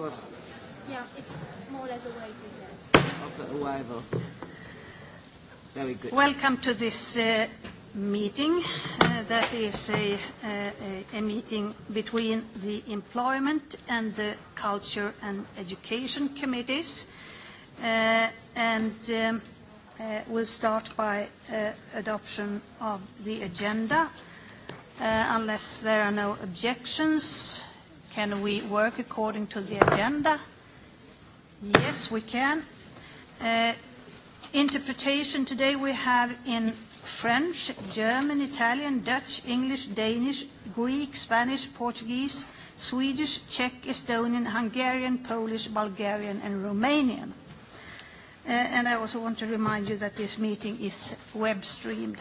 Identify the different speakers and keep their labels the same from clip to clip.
Speaker 1: course.
Speaker 2: Yeah, it's more or less a wave.
Speaker 1: Of the arrival. Very good.
Speaker 3: Welcome to this uh, meeting. Uh, that is a, a, a meeting between the Employment and the Culture and Education Committees. Uh, and um, uh, we'll start by uh, adoption of the agenda. Uh, unless there are no objections, Can we work according to the agenda? Yes, we can. Uh, interpretation today we have in French, German, Italian, Dutch, English, Danish, Greek, Spanish, Portuguese, Swedish, Czech, Estonian, Hungarian, Polish, Bulgarian, and Romanian. Uh, and I also want to remind you that this meeting is web streamed.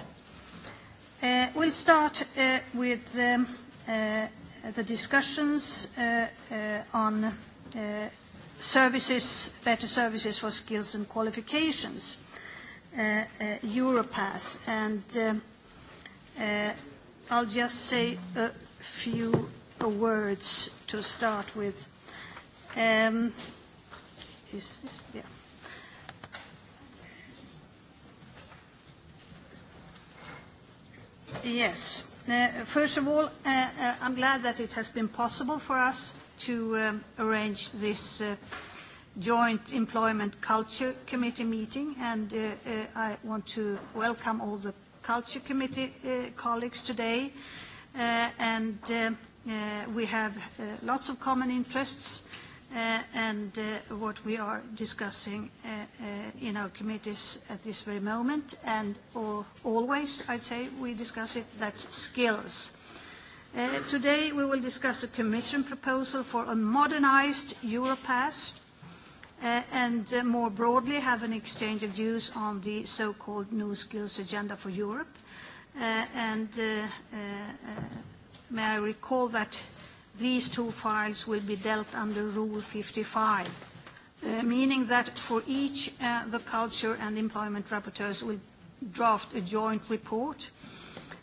Speaker 3: Uh, we'll start uh, with um, uh, Uh, the discussions uh, uh, on uh, services, better services for skills and qualifications, uh, uh, Europass. And uh, uh, I'll just say a few words to start with. Um, is this, yeah. Yes. Yes. Uh, first of all, uh, uh, I'm glad that it has been possible for us to um, arrange this joint employment culture committee meeting, and I want to welcome all the culture committee colleagues today. Um, we have lots of common interests, Uh, and uh, what we are discussing uh, in our committees at this very moment, and always, I'd say, we discuss it, that's skills. Today, we will discuss a commission proposal for a modernized Europass, and more broadly, have an exchange of views on the so-called New Skills Agenda for Europe. May I recall that these two files will be dealt under Rule 55, uh, meaning that for each, uh, the culture and employment rapporteurs will draft a joint report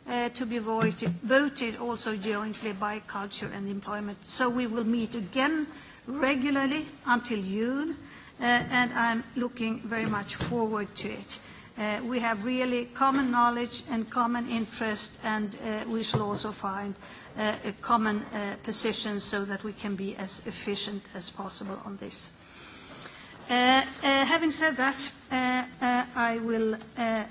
Speaker 3: uh, to be voted, voted also jointly by culture and employment. So we will meet again regularly until June, uh, and I'm looking very much forward to it. Uh, we have really common knowledge and common interest, and uh, we shall also find uh, uh, common uh, positions so that we can be as efficient as possible on this. Uh, uh, having said that, uh, uh, I will uh, uh,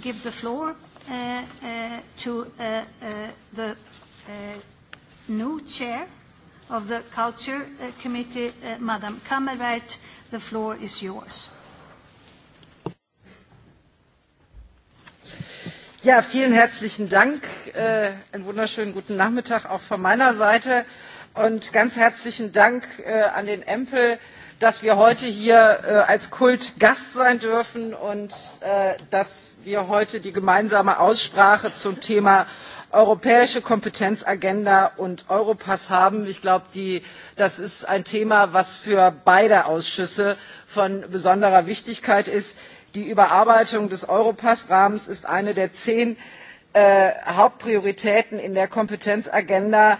Speaker 3: give the floor uh, uh, to uh, uh, the uh, new chair of the Culture uh, Committee, uh, Madam Kammerweit. The
Speaker 1: floor is yours. Ja, vielen herzlichen Dank. Äh, einen wunderschönen guten Nachmittag auch von meiner Seite. Und ganz herzlichen Dank äh, an den Empel, dass wir heute hier äh, als Kult Gast sein dürfen und dass wir heute die gemeinsame Aussprache zum Thema europäische Kompetenzagenda und Europass haben. Ich glaube, das ist ein Thema, was für beide Ausschüsse von besonderer Wichtigkeit ist. Die Überarbeitung des Europass-Rahmens ist eine der zehn äh, Hauptprioritäten in der Kompetenzagenda.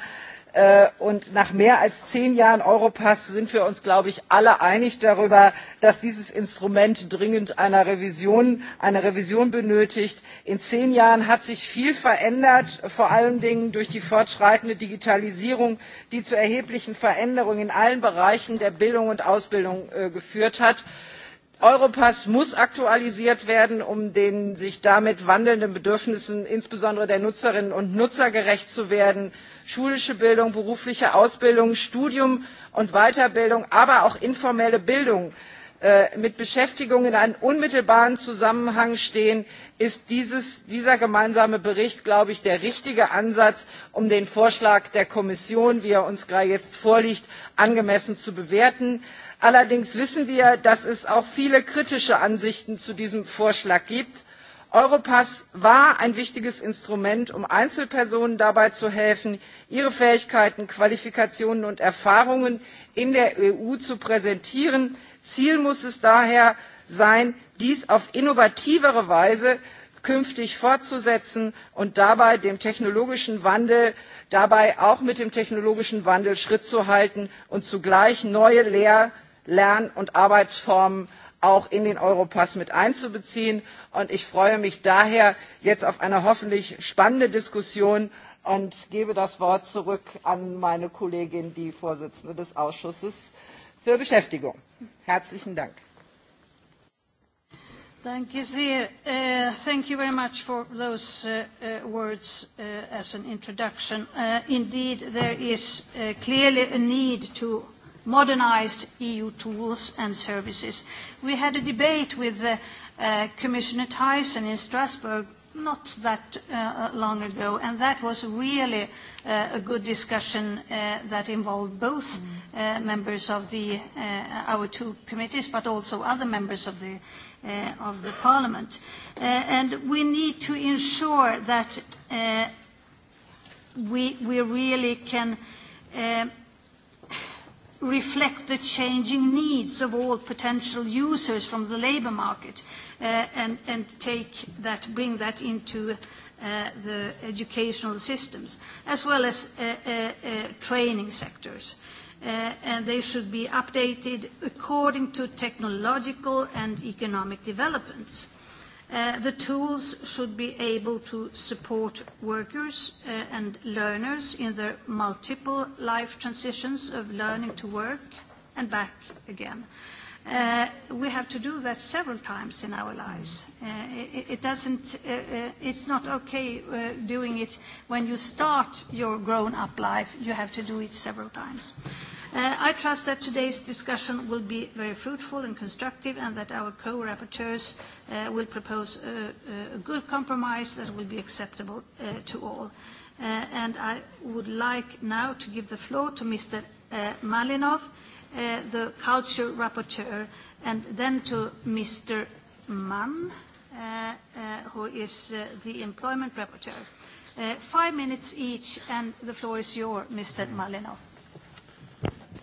Speaker 1: Äh, und nach mehr als zehn Jahren Europass sind wir uns, glaube ich, alle einig darüber, dass dieses Instrument dringend einer Revision, eine Revision benötigt. In zehn Jahren hat sich viel verändert, vor allen Dingen durch die fortschreitende Digitalisierung, die zu erheblichen Veränderungen in allen Bereichen der Bildung und Ausbildung äh, geführt hat europass muss aktualisiert werden um den sich damit wandelnden bedürfnissen insbesondere der nutzerinnen und nutzer gerecht zu werden. schulische bildung berufliche ausbildung studium und weiterbildung aber auch informelle bildung äh, mit beschäftigung in einem unmittelbaren zusammenhang stehen ist dieser gemeinsame bericht glaube ich der richtige ansatz um den vorschlag der kommission wie er uns jetzt vorliegt angemessen zu bewerten allerdings wissen wir dass es auch viele kritische ansichten zu diesem vorschlag gibt. europass war ein wichtiges instrument um einzelpersonen dabei zu helfen ihre fähigkeiten qualifikationen und erfahrungen in der eu zu präsentieren. ziel muss es daher sein dies auf innovativere weise künftig fortzusetzen und dabei auch mit dem technologischen wandel schritt zu halten und zugleich neue Lern- und Arbeitsformen auch in den Europass mit einzubeziehen. Und ich freue mich daher jetzt auf eine hoffentlich spannende Diskussion und gebe das Wort zurück an meine Kollegin, die Vorsitzende des Ausschusses für Beschäftigung. Herzlichen
Speaker 4: Dank.
Speaker 3: Thank you, Sie. Uh, thank you very much for those uh, uh, words uh, as an introduction. Uh, indeed, there is uh, clearly a need to modernize EU tools and services. We had a debate with uh, uh, Commissioner Tyson in Strasbourg not that uh, long ago, and that was really uh, a good discussion uh, that involved both mm. uh, members of the, uh, our two committees, but also other members of the, uh, of the Parliament. Uh, and we need to ensure that uh, we, we really can uh, reflect the changing needs of all potential users from the labor market uh, and, and take that, bring that into uh, the educational systems as well as uh, uh, uh, training sectors. Uh, and they should be updated according to technological and economic developments. Uh, the tools should be able to support workers uh, and learners in their multiple life transitions of learning to work and back again. Uh, we have to do that several times in our lives. It's not okay doing it when you start your grown-up life. You have to do it several times. I trust that today's discussion will be very fruitful and constructive, and that our co-rapporteurs Uh, will propose a, a, a good compromise that will be acceptable uh, to all. Uh, and I would like now to give the floor to Mr. Uh, Malinov, uh, the culture rapporteur, and then to Mr. Mann, uh, uh, who is uh, the employment rapporteur. Uh, five minutes each, and the floor is yours, Mr. Malinov.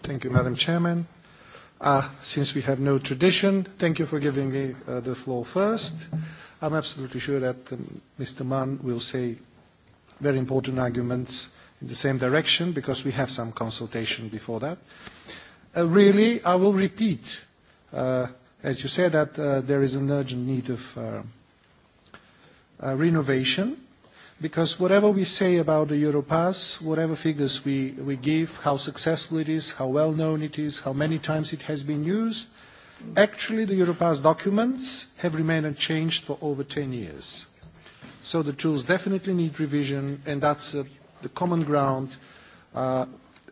Speaker 5: Thank you, Madam Chairman. Ah, since we have no tradition, thank you for giving me uh, the floor first. I'm absolutely sure that um, Mr. Mann will say very important arguments in the same direction because we have some consultation before that. Uh, really, I will repeat, uh, as you said, that uh, there is an urgent need of uh, uh, renovation because whatever we say about the Europass, whatever figures we give, how successful it is, how well-known it is, how many times it has been used, actually, the Europass documents have remained unchanged for over 10 years. So the tools definitely need revision, and that's uh, the common ground. Uh,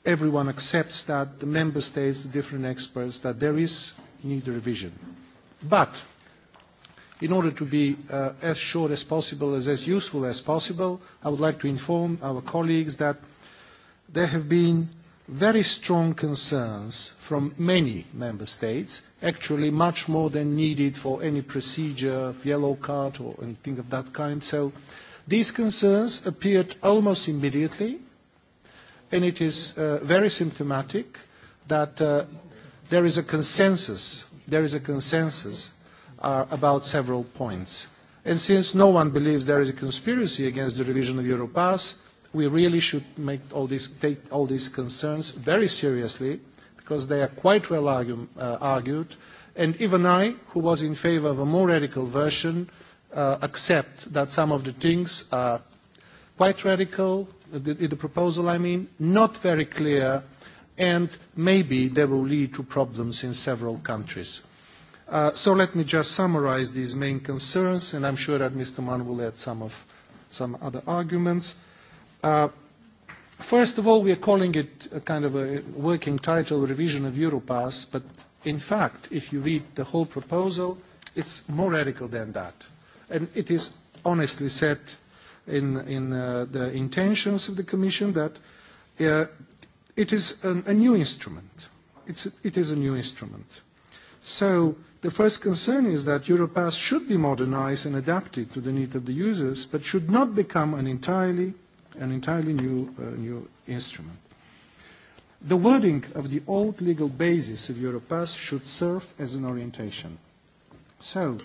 Speaker 5: everyone accepts that, the member states, the different experts, that there is need a revision. But In order to be uh, as short as possible, as, as useful as possible, I would like to inform our colleagues that there have been very strong concerns from many member states, actually much more than needed for any procedure of yellow card or anything of that kind. So these concerns appeared almost immediately, and it is uh, very symptomatic that uh, there is a consensus, there is a consensus are about several points. And since no one believes there is a conspiracy against the revision of Europass, we really should make all this, take all these concerns very seriously, because they are quite well argue, uh, argued. And even I, who was in favor of a more radical version, uh, accept that some of the things are quite radical, the, the proposal I mean, not very clear, and maybe they will lead to problems in several countries. Uh, so let me just summarize these main concerns, and I'm sure that Mr. Mann will add some, of, some other arguments. Uh, first of all, we are calling it a kind of a working title, Revision of Europass, but in fact, if you read the whole proposal, it's more radical than that. And it is honestly said in, in uh, the intentions of the Commission that uh, it is an, a new instrument. It's a, it is a new instrument. So, The first concern is that Europass should be modernized and adapted to the needs of the users, but should not become an entirely, an entirely new, uh, new instrument. The wording of the old legal basis of Europass should serve as an orientation. So,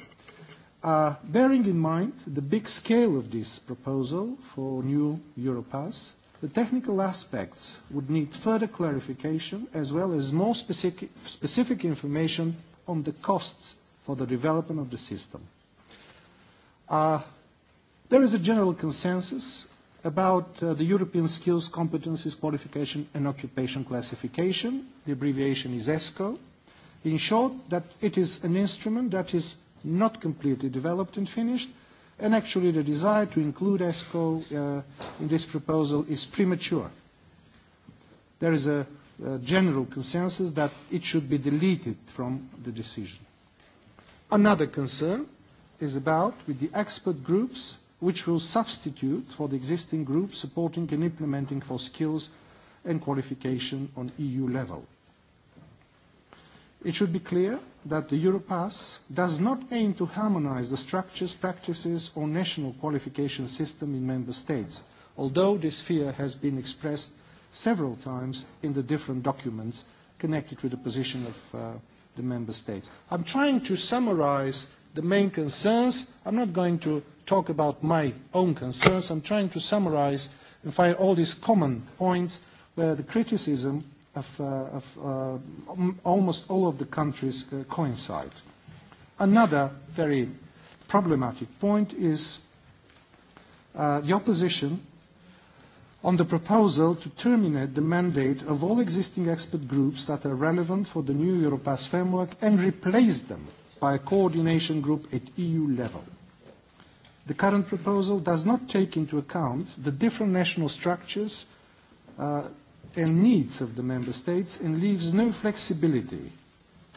Speaker 5: uh, bearing in mind the big scale of this proposal for new Europass, the technical aspects would need further clarification as well as more specific, specific information on the costs for the development of the system. Uh, there is a general consensus about uh, the European Skills, Competencies, Qualification and Occupation Classification. The abbreviation is ESCO. In short, that it is an instrument that is not completely developed and finished. And actually, the desire to include ESCO uh, in this proposal is premature. There is a Uh, general consensus that it should be deleted from the decision. Another concern is about with the expert groups which will substitute for the existing groups supporting and implementing for skills and qualification on EU level. It should be clear that the Europass does not aim to harmonize the structures, practices or national qualification system in member states, although this fear has been expressed several times in the different documents connected with the position of uh, the member states. I'm trying to summarize the main concerns. I'm not going to talk about my own concerns. I'm trying to summarize and find all these common points where the criticism of, uh, of uh, almost all of the countries uh, coincide. Another very problematic point is uh, the opposition on the proposal to terminate the mandate of all existing expert groups that are relevant for the new Europass framework and replace them by a coordination group at EU level. The current proposal does not take into account the different national structures uh, and needs of the member states and leaves no flexibility,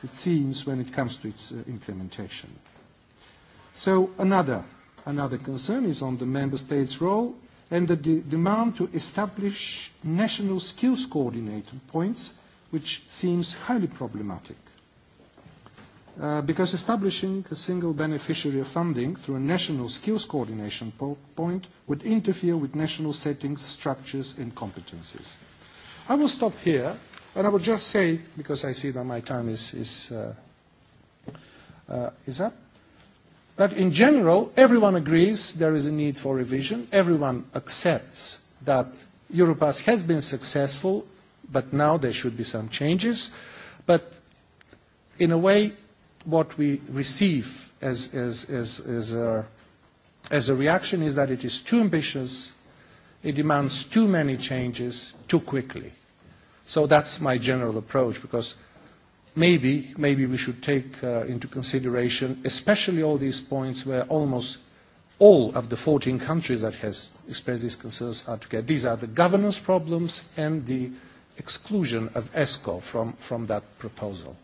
Speaker 5: it seems, when it comes to its uh, implementation. Another concern is on the member states' role and the de demand to establish national skills coordinated points, which seems highly problematic. Uh, because establishing a single beneficiary of funding through a national skills coordination po point would interfere with national settings, structures, and competences. I will stop here, and I will just say, because I see that my time is, is, uh, uh, is up, that in general, everyone agrees there is a need for revision. Everyone accepts that Europass has been successful, but now there should be some changes. But in a way, what we receive as, as, as, as, a, as a reaction is that it is too ambitious, it demands too many changes too quickly. So that's my general approach, because maybe, maybe we should take uh, into consideration, especially all these points where almost all of the 14 countries that has expressed these concerns are together. These are the governance problems and the exclusion of ESCO from, from that proposal.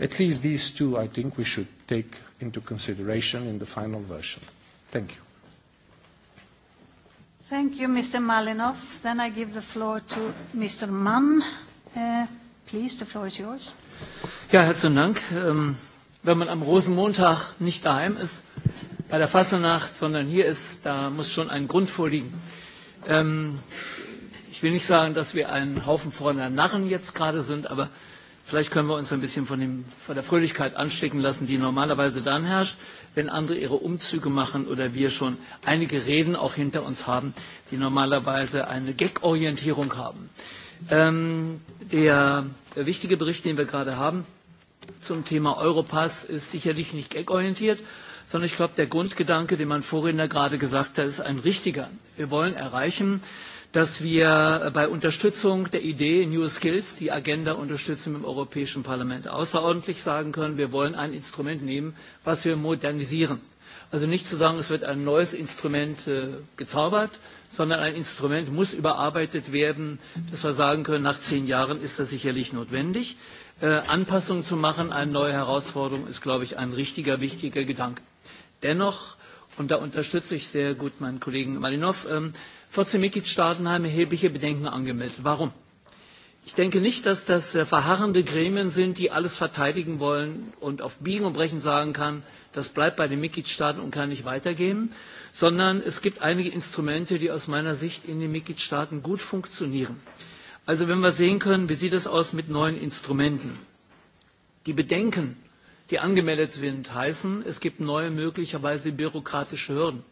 Speaker 5: At least these two, I think, we should take into consideration in the final version. Thank you.
Speaker 3: Thank you, Mr. Malinov. Then I give the floor to Mr. Mann. Uh, please, the floor is yours.
Speaker 6: Ja, herzlichen Dank. Ähm, wenn man am Rosenmontag nicht daheim ist, bei der Fassenacht, sondern hier ist, da muss schon ein Grund vorliegen. Ähm, ich will nicht sagen, dass wir ein Haufen voller Narren jetzt gerade sind, aber vielleicht können wir uns ein bisschen von, dem, von der Fröhlichkeit anstecken lassen, die normalerweise dann herrscht, wenn andere ihre Umzüge machen oder wir schon einige Reden auch hinter uns haben, die normalerweise eine Gag-Orientierung haben. Ähm, der Der äh, wichtige Bericht, den wir gerade haben zum Thema Europass, ist sicherlich nicht gagorientiert, sondern ich glaube, der Grundgedanke, den mein Vorredner gerade gesagt hat, ist ein richtiger. Wir wollen erreichen, dass wir bei Unterstützung der Idee New Skills die Agenda unterstützen im Europäischen Parlament außerordentlich sagen können, wir wollen ein Instrument nehmen, was wir modernisieren. Also nicht zu sagen, es wird ein neues Instrument äh, gezaubert, sondern ein Instrument muss überarbeitet werden, dass wir sagen können, nach zehn Jahren ist das sicherlich notwendig. Äh, Anpassungen zu machen an neue Herausforderungen ist, glaube ich, ein richtiger, wichtiger Gedanke. Dennoch, und da unterstütze ich sehr gut meinen Kollegen Malinov, äh, 14 Mitgliedstaaten haben erhebliche Bedenken angemeldet. Warum? ich denke nicht dass das äh, verharrende gremien sind die alles verteidigen wollen und auf biegen und brechen sagen können das bleibt bei den mitgliedstaaten und kann nicht weitergehen sondern es gibt einige instrumente die aus meiner sicht in den mitgliedstaaten gut funktionieren. also wenn wir sehen können wie sieht es aus mit neuen instrumenten die bedenken die angemeldet sind heißen es gibt neue möglicherweise bürokratische hürden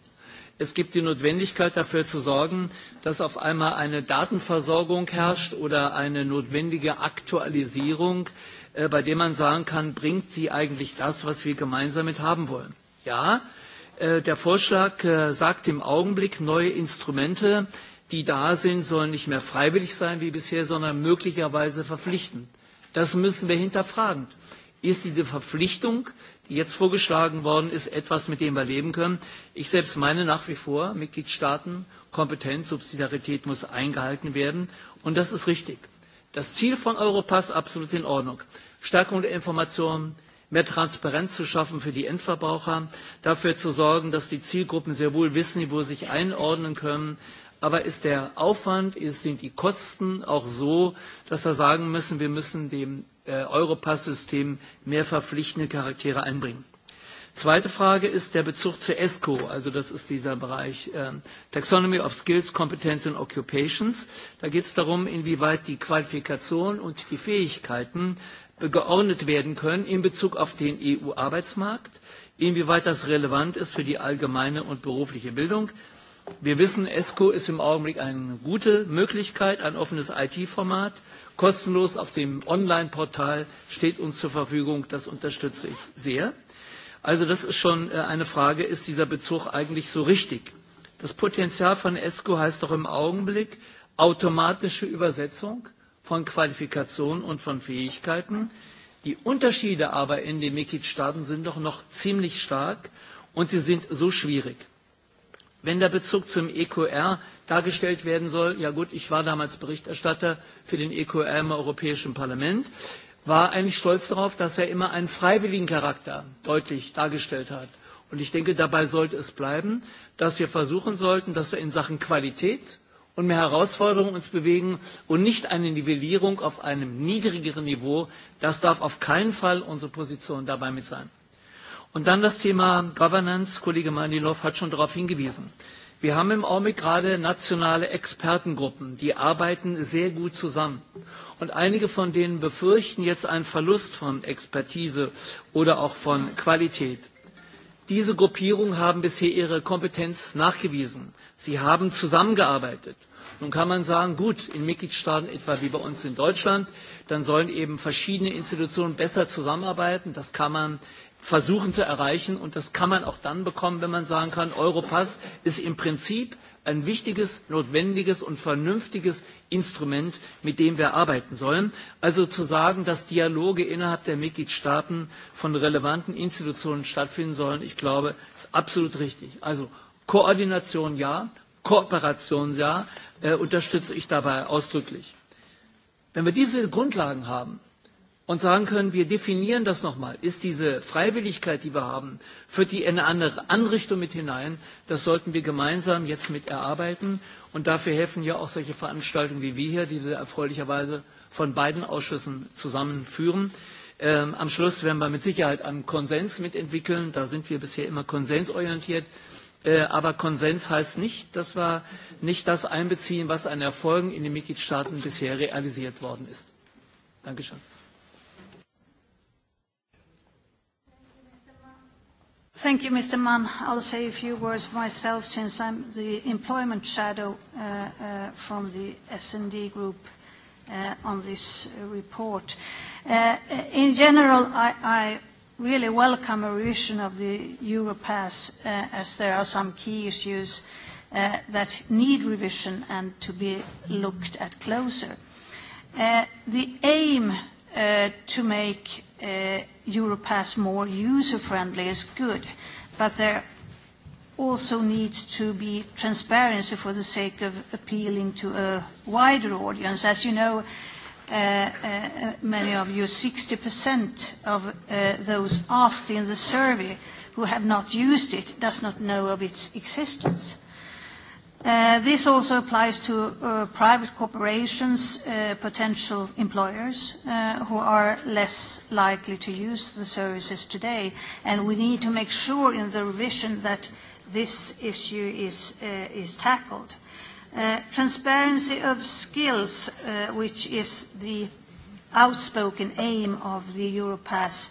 Speaker 6: es gibt die notwendigkeit dafür zu sorgen dass auf einmal eine datenversorgung herrscht oder eine notwendige aktualisierung äh, bei der man sagen kann bringt sie eigentlich das was wir gemeinsam mit haben wollen? ja äh, der vorschlag äh, sagt im augenblick neue instrumente die da sind sollen nicht mehr freiwillig sein wie bisher sondern möglicherweise verpflichtend. das müssen wir hinterfragen. ist diese verpflichtung die jetzt vorgeschlagen worden ist etwas mit dem wir leben können. ich selbst meine nach wie vor mitgliedstaaten kompetenz subsidiarität muss eingehalten werden und das ist richtig. das ziel von europass absolut in ordnung stärkung der information mehr transparenz zu schaffen für die endverbraucher dafür zu sorgen dass die zielgruppen sehr wohl wissen wo sie sich einordnen können. aber ist der aufwand sind die kosten auch so dass wir sagen müssen wir müssen dem Äh, europass system mehr verpflichtende charaktere einbringen. zweite frage ist der bezug zur esco also das ist dieser bereich ähm, taxonomy of skills competence and occupations da geht es darum inwieweit die qualifikation und die fähigkeiten geordnet werden können in bezug auf den eu arbeitsmarkt inwieweit das relevant ist für die allgemeine und berufliche bildung wir wissen esco ist im augenblick eine gute möglichkeit ein offenes it format kostenlos auf dem online portal steht uns zur verfügung das unterstütze ich sehr. also das ist schon äh, eine frage ist dieser bezug eigentlich so richtig? das potenzial von esco heißt doch im augenblick automatische übersetzung von qualifikationen und von fähigkeiten. die unterschiede aber in den mitgliedstaaten sind doch noch ziemlich stark und sie sind so schwierig. wenn der bezug zum eqr dargestellt werden soll. Ja gut, ich war damals Berichterstatter für den EQM im Europäischen Parlament, war eigentlich stolz darauf, dass er immer einen freiwilligen Charakter deutlich dargestellt hat. Und ich denke, dabei sollte es bleiben, dass wir versuchen sollten, dass wir in Sachen Qualität und mehr Herausforderungen uns bewegen und nicht eine Nivellierung auf einem niedrigeren Niveau. Das darf auf keinen Fall unsere Position dabei mit sein. Und dann das Thema Governance. Kollege Manilov hat schon darauf hingewiesen. Ja wir haben im augenblick gerade nationale expertengruppen die arbeiten sehr gut zusammen und einige von denen befürchten jetzt einen verlust von expertise oder auch von qualität. diese gruppierungen haben bisher ihre kompetenz nachgewiesen sie haben zusammengearbeitet. nun kann man sagen gut in mitgliedstaaten etwa wie bei uns in deutschland dann sollen eben verschiedene institutionen besser zusammenarbeiten das kann man versuchen zu erreichen. Und das kann man auch dann bekommen, wenn man sagen kann, Europass ist im Prinzip ein wichtiges, notwendiges und vernünftiges Instrument, mit dem wir arbeiten sollen. Also zu sagen, dass Dialoge innerhalb der Mitgliedstaaten von relevanten Institutionen stattfinden sollen, ich glaube, ist absolut richtig. Also Koordination ja, Kooperation ja, äh, unterstütze ich dabei ausdrücklich. Wenn wir diese Grundlagen haben, und sagen können, wir definieren das nochmal. Ist diese Freiwilligkeit, die wir haben, führt die in eine andere Anrichtung mit hinein? Das sollten wir gemeinsam jetzt mit erarbeiten. Und dafür helfen ja auch solche Veranstaltungen wie wir hier, die wir erfreulicherweise von beiden Ausschüssen zusammenführen. Ähm, am Schluss werden wir mit Sicherheit einen Konsens mitentwickeln. Da sind wir bisher immer konsensorientiert. Äh, aber Konsens heißt nicht, dass wir nicht das einbeziehen, was an Erfolgen in den Mitgliedstaaten bisher realisiert worden ist. Dankeschön.
Speaker 3: Thank you, Mr. Mann. I'll say a few words myself since I'm the employment shadow uh, uh, from the S&D Group uh, on this report. In general, I really welcome a revision of the Europass as there are some key issues that need revision and to be looked at closer. The aim to make Europass more user-friendly is good, but there also needs to be transparency for the sake of appealing to a wider audience. As you know, uh, uh, uh, many of you, 60% of those asked in the survey who have not used it does not know of its existence. Uh, this also applies to uh, private corporations, uh, potential employers, who are less likely to use the services today. We need to make sure in the revision that this issue is tackled. Transparency of skills, which is the outspoken aim of the Europass,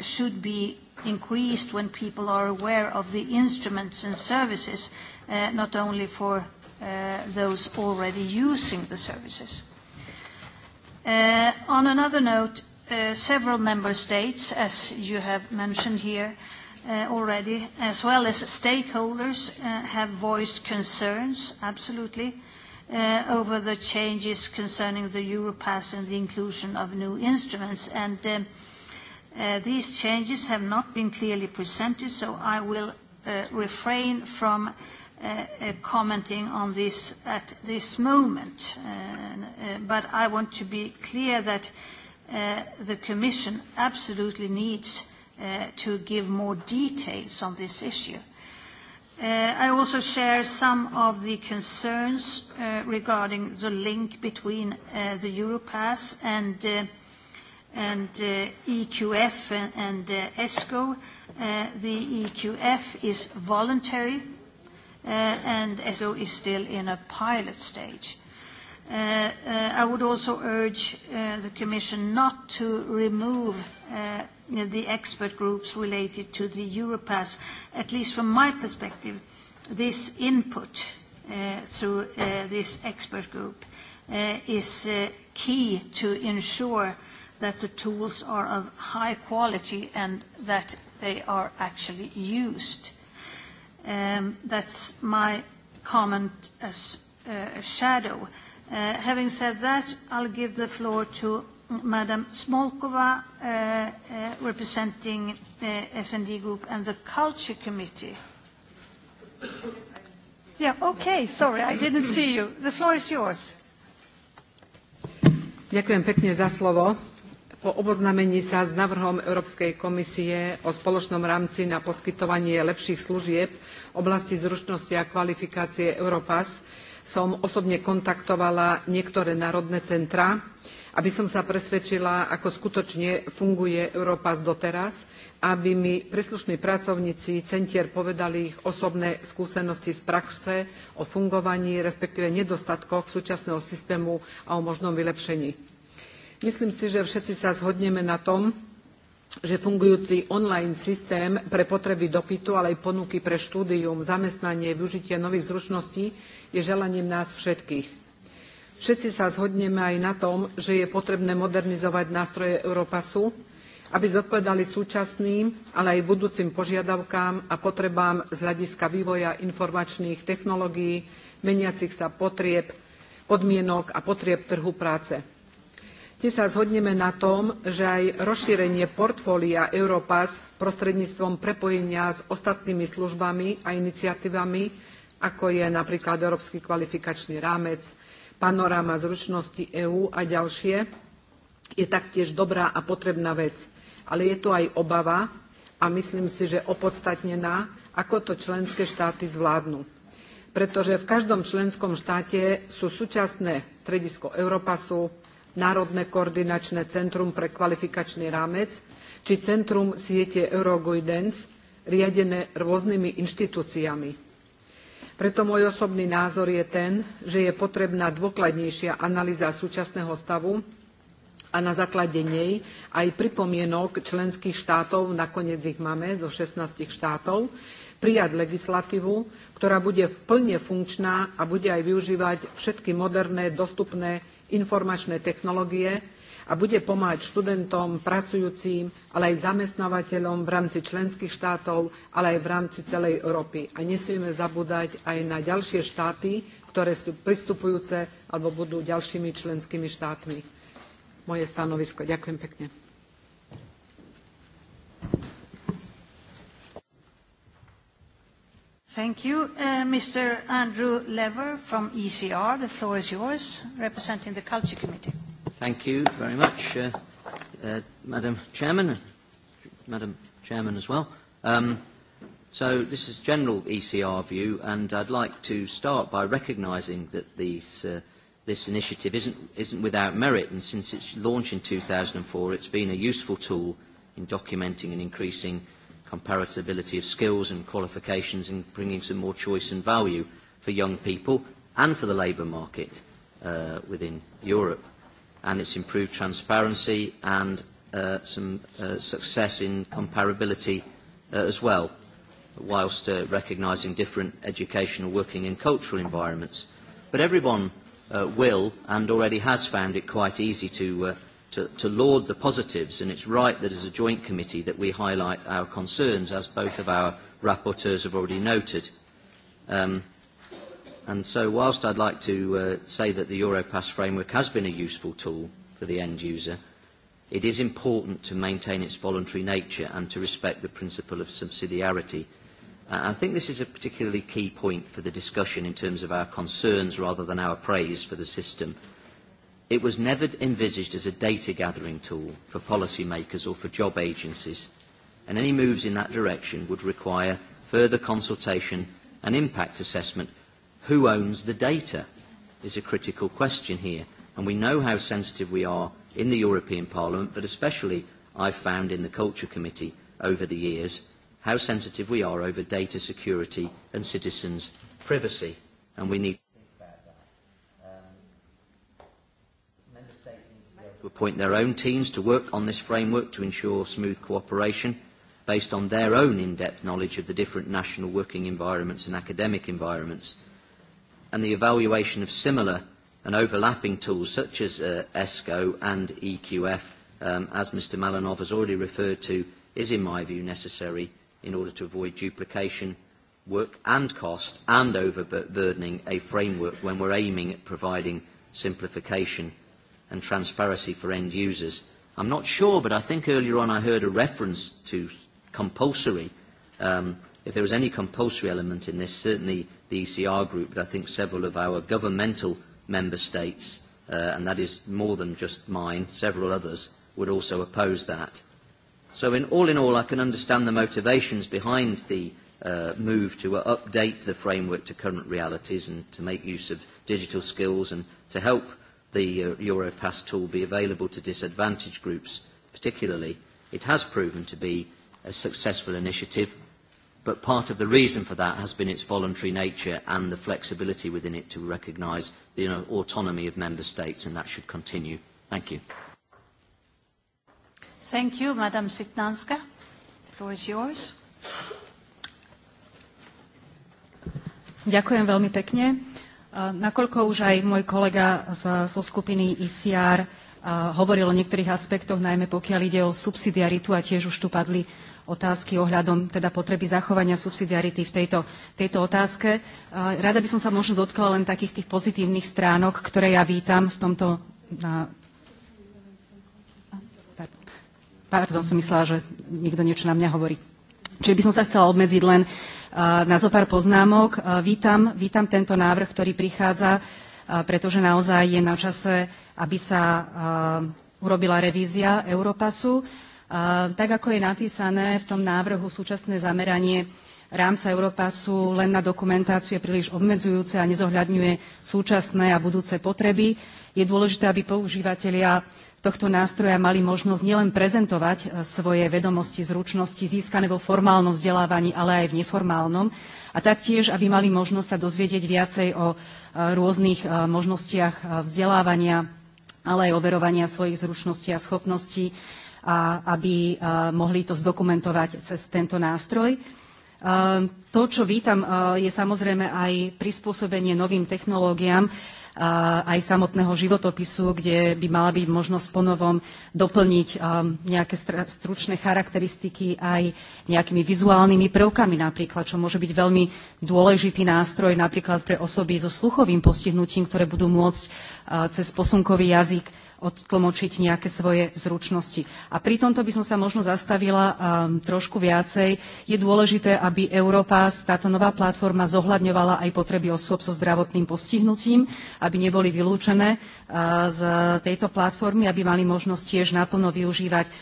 Speaker 3: should be increased when people are aware of the instruments and services Uh, not only for uh, those already using the services. Uh, on another note, several member states, as you have mentioned here already, as well as stakeholders, have voiced concerns, absolutely, over the changes concerning the Europass and the inclusion of new instruments. Um, these changes have not been clearly presented, so I will refrain from Uh, uh, commenting on this at this moment. Uh, I want to be clear that the Commission absolutely needs to give more details on this issue. I also share some of the concerns regarding the link between the Europass and EQF and ESCO. E the EQF is voluntary, Eh, and Esso is still in a pilot stage. Uh, uh, I would also urge uh, the Commission not to remove uh, the expert groups related to the Europass. At least from my perspective, this input uh, through uh, this expert group uh, is uh, key to ensure that the tools are of high quality and that they are actually used. Uh, Um, that's my comment as uh, a shadow. Uh, having said that, I'll give the floor to Madam Smolkova, uh, representing S&D Group and the Culture Committee. Yeah, okay. Sorry, I didn't see you. The floor is yours.
Speaker 4: Ďakujem pekne za slovo. Po oboznamení sa s návrhom Európskej komisie o spoločnom rámci na poskytovanie lepších služieb v oblasti zručnosti a kvalifikácie Europass som osobne kontaktovala niektoré národné centra, aby som sa presvedčila, ako skutočne funguje Europass doteraz, aby mi príslušní pracovníci centier povedali ich osobné skúsenosti z praxe o fungovaní, respektíve nedostatkoch súčasného systému a o možnom vylepšení. Myslím si, že všetci sa zhodneme na tom, že fungujúci online systém pre potreby dopytu, ale aj ponuky pre štúdium, zamestnanie, využitie nových zručností je želaním nás všetkých. Všetci sa zhodneme aj na tom, že je potrebné modernizovať nástroje Europasu, aby zodpovedali súčasným, ale aj budúcim požiadavkám a potrebám z hľadiska vývoja informačných technológií, meniacich sa potrieb, podmienok a potrieb trhu práce. Určite sa zhodneme na tom, že aj rozšírenie portfólia Europass prostredníctvom prepojenia s ostatnými službami a iniciatívami, ako je napríklad Európsky kvalifikačný rámec, panoráma zručnosti EÚ a ďalšie, je taktiež dobrá a potrebná vec. Ale je tu aj obava a myslím si, že opodstatnená, ako to členské štáty zvládnu. Pretože v každom členskom štáte sú súčasné stredisko Europasu, Národné koordinačné centrum pre kvalifikačný rámec či centrum siete Euroguidance, riadené rôznymi inštitúciami. Preto môj osobný názor je ten, že je potrebná dôkladnejšia analýza súčasného stavu a na základe nej aj pripomienok členských štátov, nakoniec ich máme zo 16 štátov, prijať legislatívu, ktorá bude plne funkčná a bude aj využívať všetky moderné, dostupné informačné technológie a bude pomáhať študentom, pracujúcim, ale aj zamestnávateľom v rámci členských štátov, ale aj v rámci celej Európy. A nesmieme zabúdať aj na ďalšie štáty, ktoré sú pristupujúce alebo budú ďalšími členskými štátmi. Moje stanovisko. Ďakujem pekne. Thank you. Thank you. Uh, Mr.
Speaker 3: Andrew Lever from ECR, the floor is yours, representing the Culture Committee.
Speaker 7: Thank you very much, uh, uh, Madam Chairman, Madam Chairman as well. Um, so this is general ECR view, and I'd like to start by recognizing that these, this initiative isn't, isn't without merit, and since its launch in 2004, it's been a useful tool in documenting and increasing comparability of skills and qualifications and bringing some more choice and value for young people and for the labour market uh, within Europe. And it's improved transparency and uh, some uh, success in comparability uh, as well, whilst uh, recognising different educational, working and cultural environments. But everyone uh, will and already has found it quite easy to uh, to, to laud the positives, and it's right that as a joint committee that we highlight our concerns, as both of our rapporteurs have already noted. Um, and so whilst I'd like to uh, say that the Europass framework has been a useful tool for the end user, it is important to maintain its voluntary nature and to respect the principle of subsidiarity. Uh, I think this is a particularly key point for the discussion in terms of our concerns rather than our praise for the system. It was never envisaged as a data gathering tool for policymakers or for job agencies, and any moves in that direction would require further consultation and impact assessment. Who owns the data is a critical question here, and we know how sensitive we are in the European Parliament, but especially I've found in the Culture Committee over the years how sensitive we are over data security and citizens' privacy, and we need. appoint their own teams to work on this framework to ensure smooth cooperation based on their own in-depth knowledge of the different national working environments and academic environments and the evaluation of similar and overlapping tools such as uh, ESCO and EQF, um, as Mr Malinov has already referred to, is in my view necessary in order to avoid duplication, work and cost, and overburdening a framework when we're aiming at providing simplification and transparency for end users. I'm not sure, but I think earlier on I heard a reference to compulsory. Um, if there was any compulsory element in this, certainly the ECR group, but I think several of our governmental member states, uh, and that is more than just mine, several others, would also oppose that. So in, all in all, I can understand the motivations behind the uh, move to update the framework to current realities and to make use of digital skills and to help the uh, Europass tool be available to disadvantaged groups particularly. It has proven to be a successful initiative, but part of the reason for that has been its voluntary nature and the flexibility within it to recognise the you know, autonomy of member states, and that should continue. Thank you.
Speaker 3: Thank you, Madam Sitnanska. The floor
Speaker 8: is yours. Ďakujem veľmi pekne. Nakoľko už aj môj kolega zo skupiny ICR hovoril o niektorých aspektoch, najmä pokiaľ ide o subsidiaritu a tiež už tu padli otázky ohľadom teda potreby zachovania subsidiarity v tejto, tejto otázke. Rada by som sa možno dotkla len takých tých pozitívnych stránok, ktoré ja vítam v tomto... Na... Pardon, som myslela, že niekto niečo na mňa hovorí. Čiže by som sa chcela obmedziť len uh, Eh, na zo pár poznámok. Eh, vítam, vítam tento návrh, ktorý prichádza, eh, pretože naozaj je na čase, aby sa urobila revízia Europasu. Tak ako je napísané v tom návrhu súčasné zameranie rámca Europasu len na dokumentáciu je príliš obmedzujúce a nezohľadňuje súčasné a budúce potreby. Je dôležité, aby používateľia tohto nástroja mali možnosť nielen prezentovať e, svoje vedomosti, zručnosti získané vo formálnom vzdelávaní, ale aj v neformálnom. A taktiež, aby mali možnosť sa dozvedieť viacej o e, rôznych e, možnostiach vzdelávania, ale aj overovania svojich zručností a schopností, a aby mohli to zdokumentovať cez tento nástroj. Ehm, to, čo vítam, eh, je samozrejme aj prispôsobenie novým technológiám eh, aj samotného životopisu, kde by mala byť možnosť ponovom doplniť ehm, nejaké stručné charakteristiky aj nejakými vizuálnymi prvkami napríklad, čo môže byť veľmi dôležitý nástroj napríklad pre osoby so sluchovým postihnutím, ktoré budú môcť eh, cez posunkový jazyk odtlmočiť nejaké svoje zručnosti. A pri tomto by som sa možno zastavila um, trošku viacej. Je dôležité, aby Európa, táto nová platforma, zohľadňovala aj potreby osôb so zdravotným postihnutím, aby neboli vylúčené uh, z tejto platformy, aby mali možnosť tiež naplno využívať uh,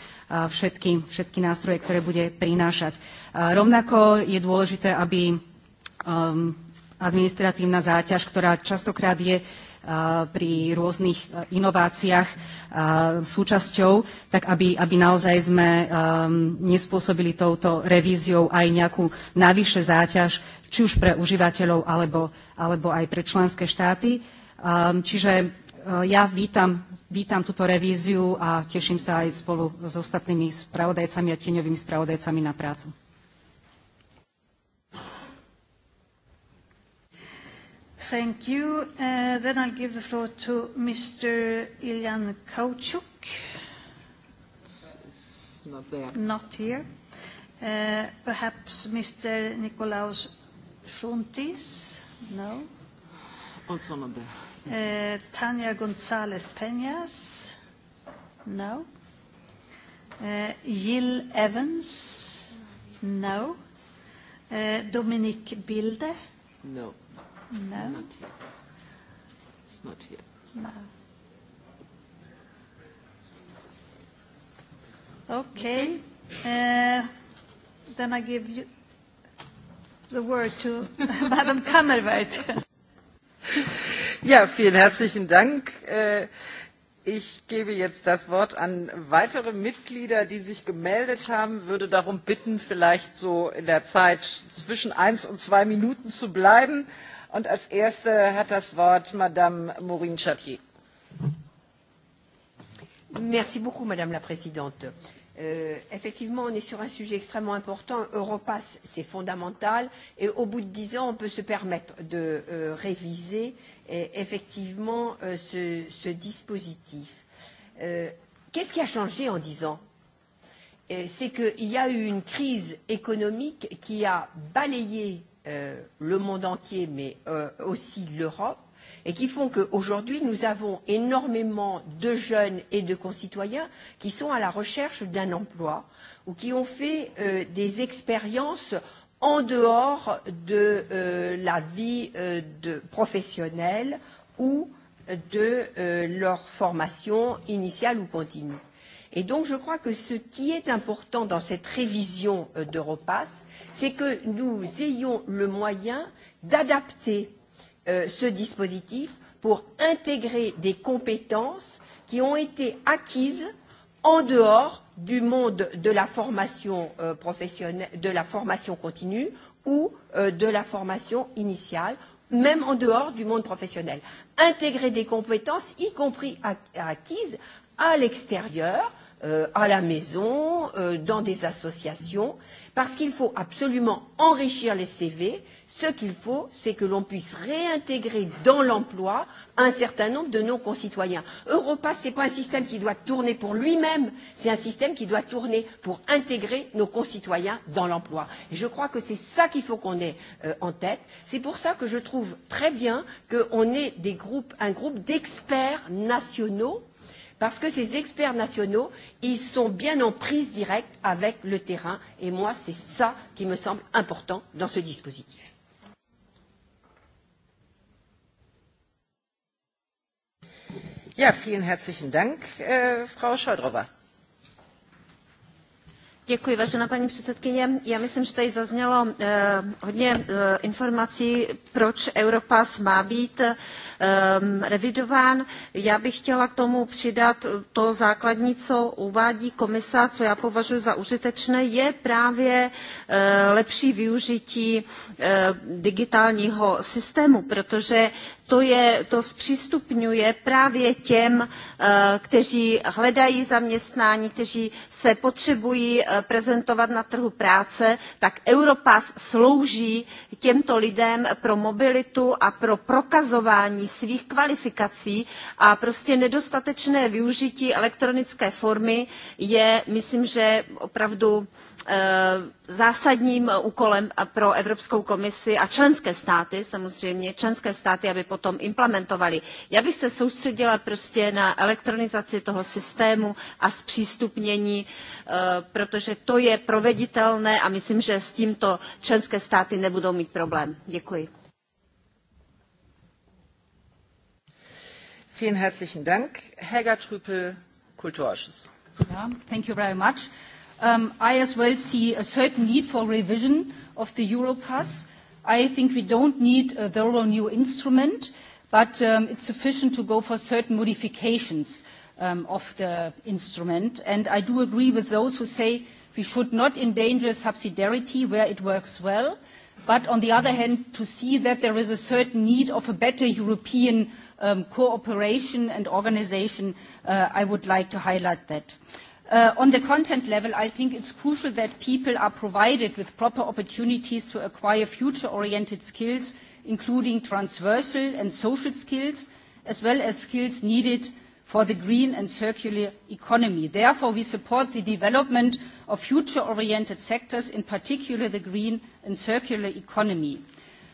Speaker 8: všetky, všetky nástroje, ktoré bude prinášať. Uh, rovnako je dôležité, aby um, administratívna záťaž, ktorá častokrát je uh, pri rôznych inováciách súčasťou, tak aby, aby naozaj sme nespôsobili touto revíziou aj nejakú navyše záťaž, či už pre užívateľov, alebo, alebo aj pre členské štáty. Čiže ja vítam, vítam túto revíziu a teším sa aj spolu s ostatnými spravodajcami a tieňovými spravodajcami na prácu.
Speaker 3: Thank you. Uh, then I'll give the floor to Mr. Ilya Kaczyuk.
Speaker 9: He's not there. Not
Speaker 3: here. Uh, perhaps Mr. Nicolaos Frontis? No. Also not there. Uh, Tania González-Peñas? No. Jill Evans? No. Dominique Bilde?
Speaker 10: No.
Speaker 1: No. Not here. It's not here.
Speaker 3: No. Okay. Uh, then I give you
Speaker 1: the word to Madame
Speaker 3: Kammerweit.
Speaker 1: Ja, vielen herzlichen Dank. Äh, ich gebe jetzt das Wort an weitere Mitglieder, die sich gemeldet haben, würde darum bitten, vielleicht so in der Zeit zwischen eins und zwei Minuten zu bleiben
Speaker 11: beaucoup madame la présidente euh, effectivement on est sur un sujet extrêmement important europass c'est fondamental et au bout de dix ans on peut se permettre de euh, réviser euh, effectivement ce, ce dispositif. qu'est ce qui a changé en dix ans? c'est qu'il y a eu une crise économique qui a balayé Euh, le monde entier, mais euh, aussi l'Europe, et qui font qu'aujourd'hui, nous avons énormément de jeunes et de concitoyens qui sont à la recherche d'un emploi ou qui ont fait euh, des expériences en dehors de euh, la vie euh, de professionnelle ou de euh, leur formation initiale ou continue. Et donc, je crois que ce qui est important dans cette révision euh, d'Europass, c'est que nous ayons le moyen d'adapter euh, ce dispositif pour intégrer des compétences qui ont été acquises en dehors du monde de la formation euh, professionnelle, de la formation continue ou euh, de la formation initiale, même en dehors du monde professionnel. Intégrer des compétences, y compris acquises à l'extérieur, euh, euh, à la maison, euh, dans des associations, parce qu'il faut absolument enrichir les CV. Ce qu'il faut, c'est que l'on puisse réintégrer dans l'emploi un certain nombre de nos concitoyens. Europass, ce n'est pas un système qui doit tourner pour lui-même, c'est un système qui doit tourner pour intégrer nos concitoyens dans l'emploi. Et je crois que c'est ça qu'il faut qu'on ait euh, en tête. C'est pour ça que je trouve très bien qu'on ait des groupes, un groupe d'experts nationaux parce que ces experts nationaux, ils sont bien en prise directe avec le terrain. Et moi, c'est ça qui me semble important dans ce dispositif.
Speaker 1: Ja, vielen herzlichen Dank, euh, Frau Scheudrova. Děkuji, vážená paní předsedkyně.
Speaker 12: Já myslím, že tady zaznělo eh, hodně eh, informací, proč Europass má být eh, revidován. Já bych chtěla k tomu přidat to základní, co uvádí komisa, co já považuji za užitečné, je právě eh, lepší využití eh, digitálního systému, protože to, je, to zpřístupňuje právě těm, eh, kteří hledají zaměstnání, kteří se potřebují eh, prezentovat na trhu práce, tak Europass slouží těmto lidem pro mobilitu a pro prokazování svých kvalifikací a prostě nedostatečné využití elektronické formy je, myslím, že opravdu uh, Eh, zásadním úkolem pro Evropskou komisi a členské státy, samozřejmě členské státy, aby potom implementovali. Já bych se soustředila prostě na elektronizaci toho systému a zpřístupnění, eh, protože to je proveditelné a myslím, že s tímto členské státy nebudou mít problém. Děkuji. Vielen herzlichen Dank, Helga Trüpel,
Speaker 1: Kulturausschuss.
Speaker 13: Ja, thank you very much um, I as well see a certain need for revision of the Europass. I think we don't need a thorough new instrument, but um, it's sufficient to go for certain modifications um, of the instrument. And I do agree with those who say we should not endanger subsidiarity where it works well, but on the other hand, to see that there is a certain need of a better European um, cooperation and organization, uh, I would like to highlight that. Uh, Uh, on the content level, I think it's crucial that people are provided with proper opportunities to acquire future-oriented skills, including transversal and social skills, as well as skills needed for the green and circular economy. Therefore, we support the development of future-oriented sectors, in particular the green and circular economy.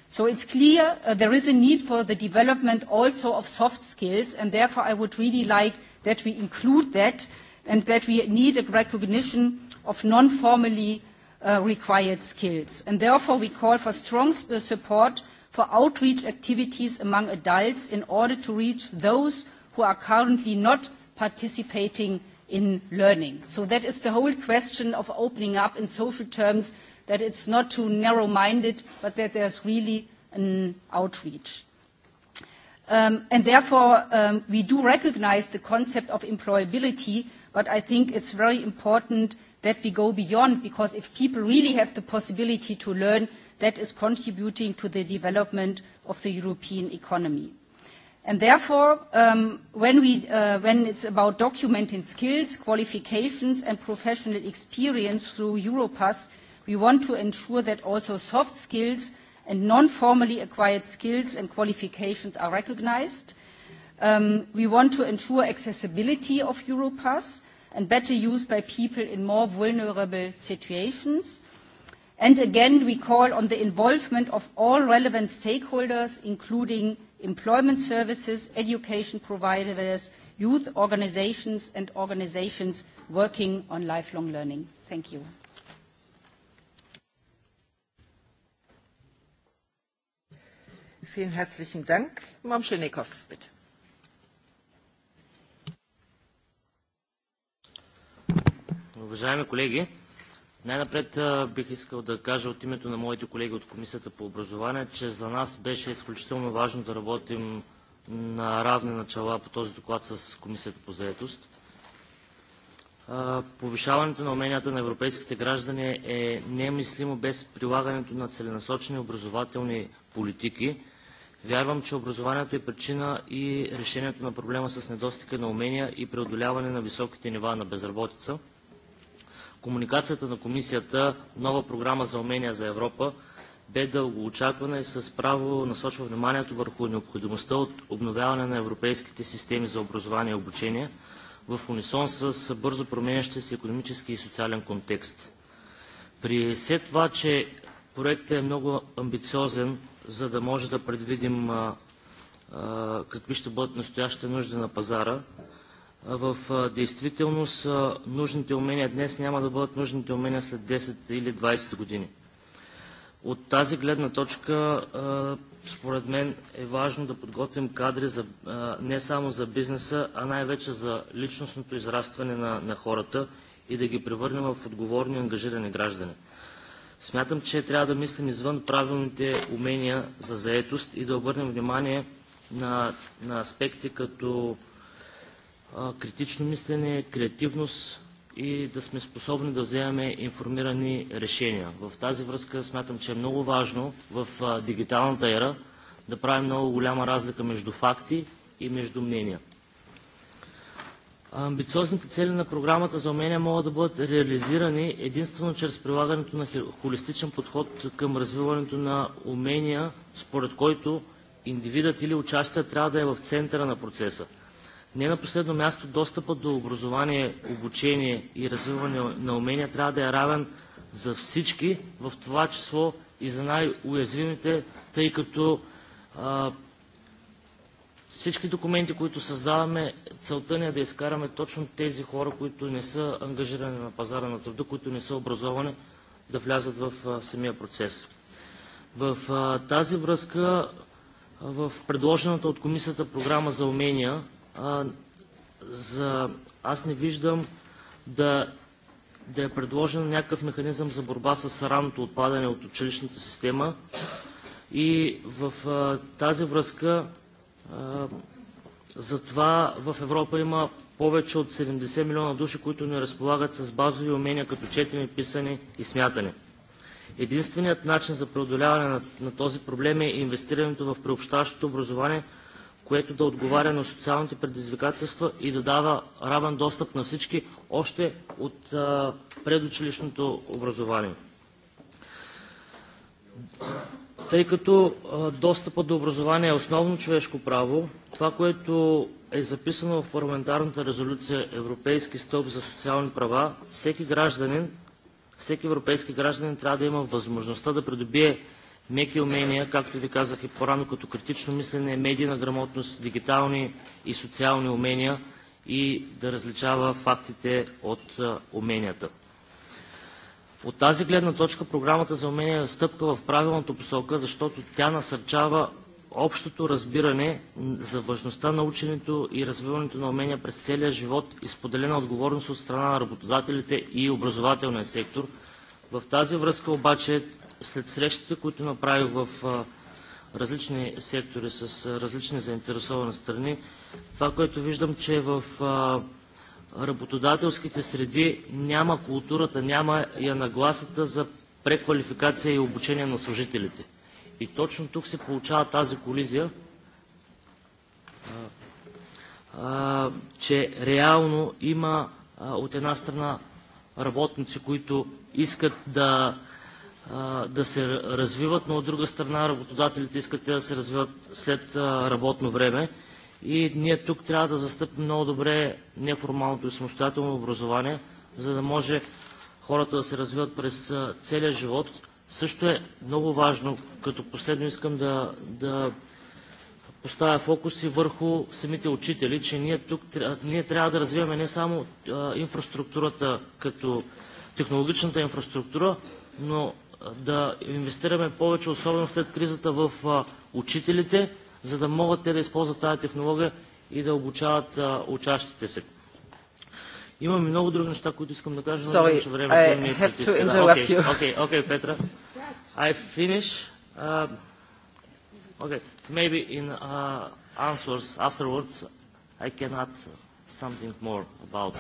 Speaker 13: So it's clear uh, there is a need for the development also of soft skills, and therefore I would really like that we include that and that we need a recognition of non-formally uh, required skills. And therefore, we call for strong uh, support for outreach activities among adults in order to reach those who are currently not participating in learning. So that is the whole question of opening up in social terms, that it's not too narrow-minded, but that there's really an outreach. Um, and therefore, um, we do recognize the concept of employability, but I think it's very important that we go beyond because if people really have the possibility to learn, that is contributing to the development of the European economy. And therefore, um, when, we, uh, when it's about documenting skills, qualifications, and professional experience through Europass, we want to ensure that also soft skills and non-formally acquired skills and qualifications are recognized. Um, we want to ensure accessibility of Europass and better use by people in more vulnerable situations. And again, we call on the involvement of all relevant stakeholders, including employment services, education providers, youth organizations, and organizations working on lifelong learning. Thank you.
Speaker 1: Vielen herzlichen Dank. Mam Schönikow, bitte.
Speaker 10: Уважаеми колеги, най-напред бих искал да кажа от името на моите колеги от Комисията по образование, че за нас беше изключително важно да работим на равни начала по този доклад с Комисията по заедост. Повишаването на уменията на европейските граждани е немислимо без прилагането на целенасочени образователни политики. Вярвам, че образованието е причина и решението на проблема с недостига на умения и преодоляване на високите нива на безработица. Комуникацията на комисията «Нова програма за умения за Европа» бе дълго очаквана и с право насочва вниманието върху необходимостта от обновяване на европейските системи за образование и обучение в унисон с бързо променящи се економически и социален контекст. При все това, че проектът е много амбициозен, за да може да предвидим а, а, какви ще бъдат настоящите нужди на пазара, в действителност нужните умения днес няма да бъдат нужните умения след 10 или 20 години. От тази гледна точка, според мен, е важно да подготвим кадри за, не само за бизнеса, а най-вече за личностното израстване на, на хората и да ги превърнем в отговорни и ангажирани граждани. Смятам, че трябва да мислим извън правилните умения за заетост и да обърнем внимание на, на аспекти като критично мислене, креативност и да сме способни да вземаме информирани решения. В тази връзка смятам, че е много важно в дигиталната ера да правим много голяма разлика между факти и между мнения. Амбициозните цели на програмата за умения могат да бъдат реализирани единствено чрез прилагането на холистичен подход към развиването на умения, според който индивидът или участия трябва да е в центъра на процеса – Не на последно място, достъпът до образование, обучение и развиване на умения трябва да е равен за всички, в това число и за най-уязвимите, тъй като а, всички документи, които създаваме, целта ни е да изкараме точно тези хора, които не са ангажирани на пазара на труда, които не са образовани, да влязат в а, самия процес. В а, тази връзка, в предложената от комисията програма за умения, за... аз не виждам да, да е предложен някакъв механизъм за борба с ранното отпадане от училищната система. И в а, тази връзка а, затова в Европа има повече от 70 милиона души, които не разполагат с базови умения като четене, писане и смятане. Единственият начин за преодоляване на, на този проблем е инвестирането в преобщаващото образование – което да отговаря на социалните предизвикателства и да дава равен достъп на всички още от предучилищното образование. Тъй като достъпът до образование е основно човешко право, това, което е записано в парламентарната резолюция Европейски стълб за социални права, всеки гражданин, всеки европейски гражданин трябва да има възможността да придобие меки умения, както ви казах и по-рано, като критично мислене, медийна грамотност, дигитални и социални умения и да различава фактите от уменията. От тази гледна точка програмата за умения стъпка в правилната посока, защото тя насърчава общото разбиране за важността на ученето и развиването на умения през целия живот и споделена отговорност от страна на работодателите и образователния сектор. В тази връзка обаче след срещите, които направих в различни сектори с различни заинтересовани страни, това, което виждам, че в работодателските среди няма културата, няма я нагласата за преквалификация и обучение на служителите. И точно тук се получава тази колизия, че реално има от една страна работници, които искат да, да се развиват, но от друга страна работодателите искат те да се развиват след работно време. И ние тук трябва да застъпим много добре неформалното и самостоятелно образование, за да може хората да се развиват през целия живот. Също е много важно, като последно искам да, да поставя фокуси върху самите учители, че ние тук ние трябва да развиваме не само инфраструктурата като технологичната инфраструктура, но да инвестираме повече, особено след кризата, в учителите, за да могат те да използват тази технология и да обучават учащите се. Имаме много други неща, които искам да кажа, но имаше време, което ми е притиска. Окей, okay, okay, okay, Петра. I finish. Uh, okay, maybe in uh, answers afterwards I can add something more about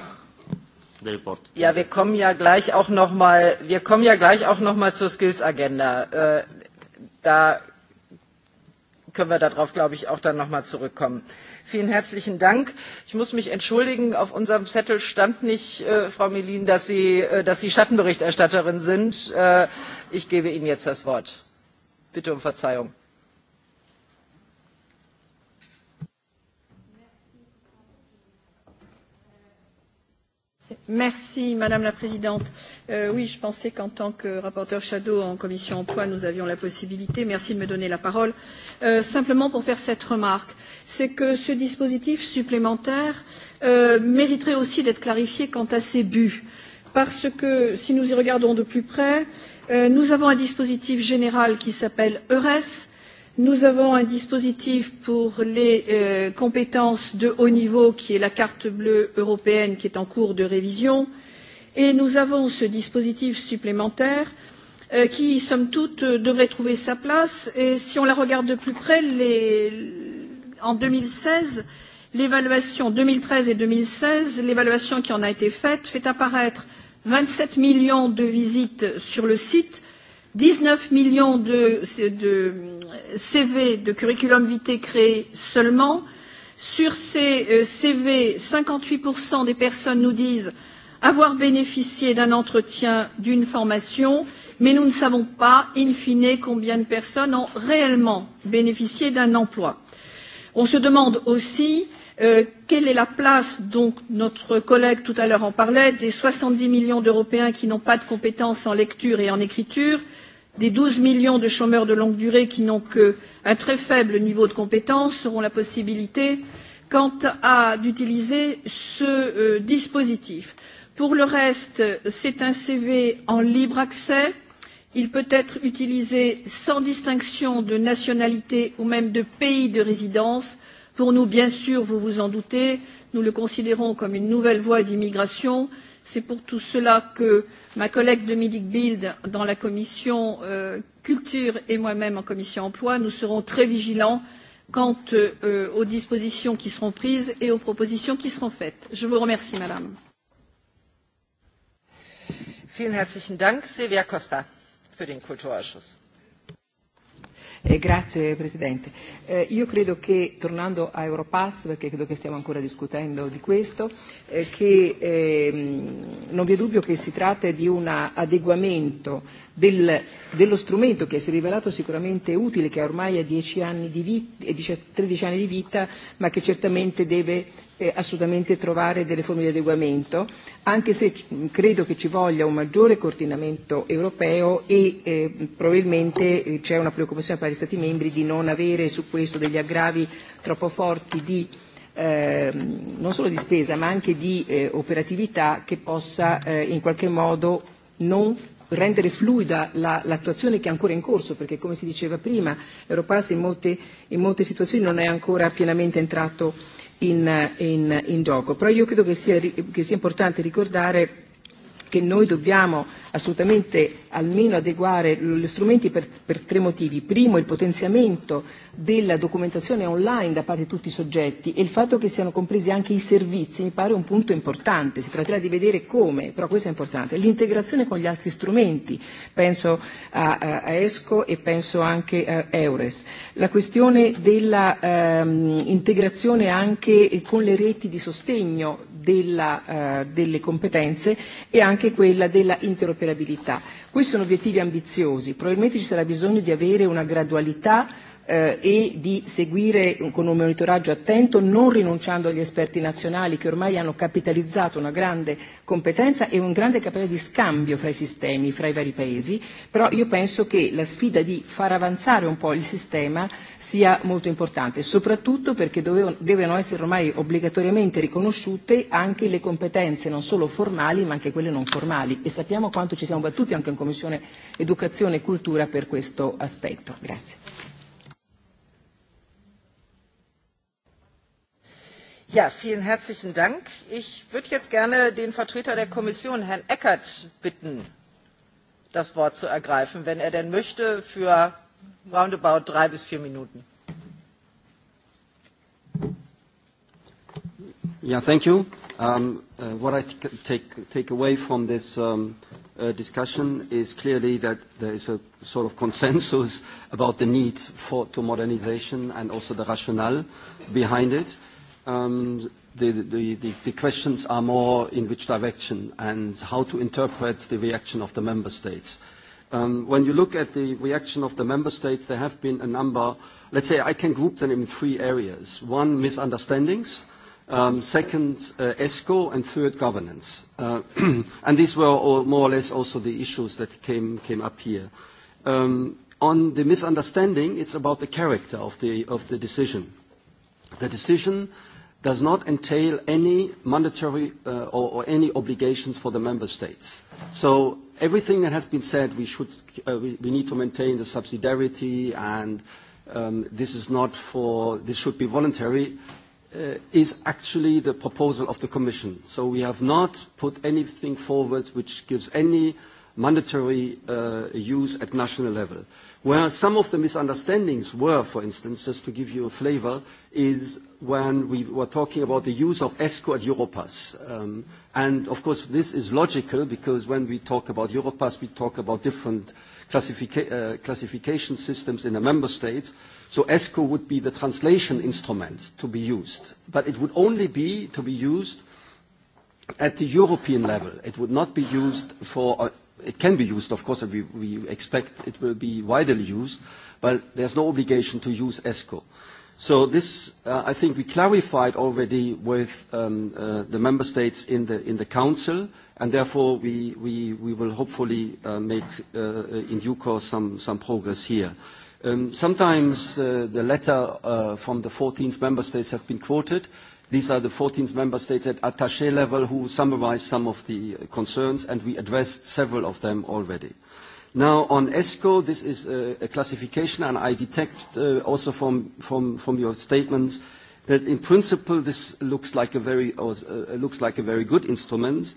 Speaker 1: Ja, wir kommen ja gleich auch noch mal, wir kommen ja gleich auch noch mal zur Skills Agenda. Äh, da können wir darauf, glaube ich, auch dann noch mal zurückkommen. Vielen herzlichen Dank. Ich muss mich entschuldigen, auf unserem Zettel stand nicht, äh, Frau Melin, dass Sie, äh, dass Sie Schattenberichterstatterin sind. Ich gebe Ihnen jetzt das Wort. Bitte um Verzeihung.
Speaker 14: madame la présidente euh, je pensais qu'en tant que rapporteure fictive en commission de l'emploi nous avions la possibilité merci de me donner la parole euh, simplement pour faire cette remarque c'est que ce dispositif supplémentaire euh, mériterait aussi d'être clarifié quant à ses buts parce que si nous y regardons de plus près nous avons un dispositif général qui s'appelle eures Nous avons un dispositif pour les euh, compétences de haut niveau qui est la carte bleue européenne qui est en cours de révision et nous avons ce dispositif supplémentaire euh, qui, somme toute, euh, devrait trouver sa place et si on la regarde de plus près, les... en 2016, l'évaluation 2013 et 2016, l'évaluation qui en a été faite fait apparaître 27 millions de visites sur le site 19 millions de, de CV de curriculum vitae créés seulement. Sur ces euh, CV, 58% des personnes nous disent avoir bénéficié d'un entretien, d'une formation, mais nous ne savons pas, in fine, combien de personnes ont réellement bénéficié d'un emploi. On se demande aussi euh, quelle est la place, donc notre collègue tout à l'heure en parlait, des 70 millions d'Européens qui n'ont pas de compétences en lecture et en écriture, des 12 millions de chômeurs de longue durée qui n'ont qu'un très faible niveau de compétence auront la possibilité quant à d'utiliser ce euh, dispositif. Pour le reste, c'est un CV en libre accès. Il peut être utilisé sans distinction de nationalité ou même de pays de résidence. Pour nous, bien sûr, vous vous en doutez, nous le considérons comme une nouvelle voie d'immigration c'est pour tout cela que ma collègue dominique bild dans la commission euh, culture et moi même en commission emploi nous serons très vigilants quant euh, aux dispositions qui seront prises et aux propositions qui seront faites. je vous remercie madame.
Speaker 1: Vielen herzlichen Dank, Silvia Costa, für den Kulturausschuss.
Speaker 15: Eh, grazie Presidente. Eh, io credo che, tornando a Europass, perché credo che stiamo ancora discutendo di questo, eh, che eh, non vi è dubbio che si tratta di un adeguamento del, dello strumento che si è rivelato sicuramente utile, che ormai ha 10 anni di vita, 13 eh, anni di vita, ma che certamente deve eh, assolutamente trovare delle forme di adeguamento, anche se c- credo che ci voglia un maggiore coordinamento europeo e eh, probabilmente eh, c'è una preoccupazione da parte degli Stati membri di non avere su questo degli aggravi troppo forti di ehm, non solo di spesa ma anche di eh, operatività che possa eh, in qualche modo non rendere fluida la, l'attuazione che è ancora in corso perché come si diceva prima l'Europass in, in molte situazioni non è ancora pienamente entrato in, in, in gioco. Però io credo che sia, che sia importante ricordare che noi dobbiamo assolutamente almeno adeguare gli strumenti per, per tre motivi. Primo, il potenziamento della documentazione online da parte di tutti i soggetti e il fatto che siano compresi anche i servizi mi pare un punto importante. Si tratterà di vedere come, però questo è importante. L'integrazione con gli altri strumenti, penso a, a ESCO e penso anche a EURES. La questione dell'integrazione ehm, anche con le reti di sostegno della, eh, delle competenze e anche quella della interoperabilità interoperabilità. Questi sono obiettivi ambiziosi, probabilmente ci sarà bisogno di avere una gradualità eh, e di seguire con un monitoraggio attento, non rinunciando agli esperti nazionali che ormai hanno capitalizzato una grande competenza e un grande capitale di scambio fra i sistemi, fra i vari paesi, però io penso che la sfida di far avanzare un po' il sistema sia molto importante, soprattutto perché dovevano, devono essere ormai obbligatoriamente riconosciute anche le competenze non solo formali ma anche quelle non formali e sappiamo quanto ci siamo battuti anche in Commissione Educazione e Cultura per questo aspetto. Grazie.
Speaker 1: Ja, vielen herzlichen dank. ich würde jetzt gerne den vertreter der kommission herrn eckert bitten das wort zu ergreifen wenn er denn möchte für roundabout drei bis vier minuten.
Speaker 2: Ja, um, uh, what i take away from this um, uh, discussion is clearly that there is a sort of consensus about the need for modernisation and also the rationale behind it um, the, the, the, the questions are more in which direction and how to interpret the reaction of the member states. Um, when you look at the reaction of the member states, there have been a number, let's say I can group them in three areas. One, misunderstandings. Um, second, uh, ESCO. And third, governance. Uh, and these were all more or less also the issues that came, came up here. Um, on the misunderstanding, it's about the character of the, of the decision. The decision uh, does not entail any mandatory uh, or, or any obligations for the member states. So everything that has been said, we, should, uh, we, we need to maintain the subsidiarity and um, this is not for, this should be voluntary, uh, is actually the proposal of the Commission. So we have not put anything forward which gives any mandatory uh, use at national level. Where some of the misunderstandings were, for instance, just to give you a flavor, is when we were talking about the use of ESCO at Europass. Um, and of course, this is logical because when we talk about Europass, we talk about different classifica uh, classification systems in the member states. So ESCO would be the translation instrument to be used. But it would only be to be used at the European level. It would not be used for, uh, it can be used, of course, and we, we expect it will be widely used but there's no obligation to use ESCO. So this, uh, I think we clarified already with um, uh, the member states in the, in the council, and therefore we, we, we will hopefully uh, make uh, uh in due course some, some progress here. Um, sometimes uh, the letter uh, from the 14th member states have been quoted. These are the 14th member states at attaché level who summarized some of the concerns, and we addressed several of them already. Uh, Now, on ESCO, this is a classification, and I detect uh, also from your statements that in principle, this looks like a very uh, good instrument.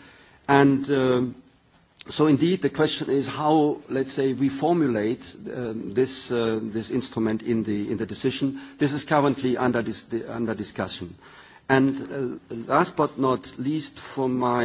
Speaker 2: And um, so indeed, the question is how, let's say, we formulate um, uh, this instrument in the decision. This is currently under discussion. And last but not least, from my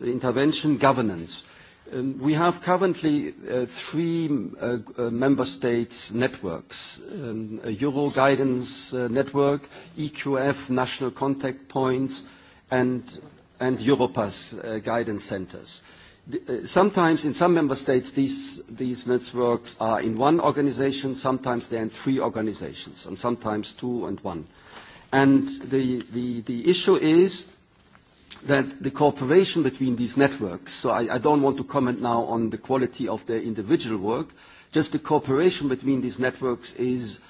Speaker 2: intervention, governance. Um, we have currently uh, three uh, uh, member states' networks, um, a Euro Guidance uh, Network, EQF, National Contact Points, and, and Europass uh, Guidance Centers. The, uh, sometimes in some member states these, these networks are in one organization, sometimes they're in three organizations, and sometimes two and one. And the, the, the issue is that the cooperation between these networks, so I, I don't want to comment now on the quality of their individual work, just the cooperation between these networks is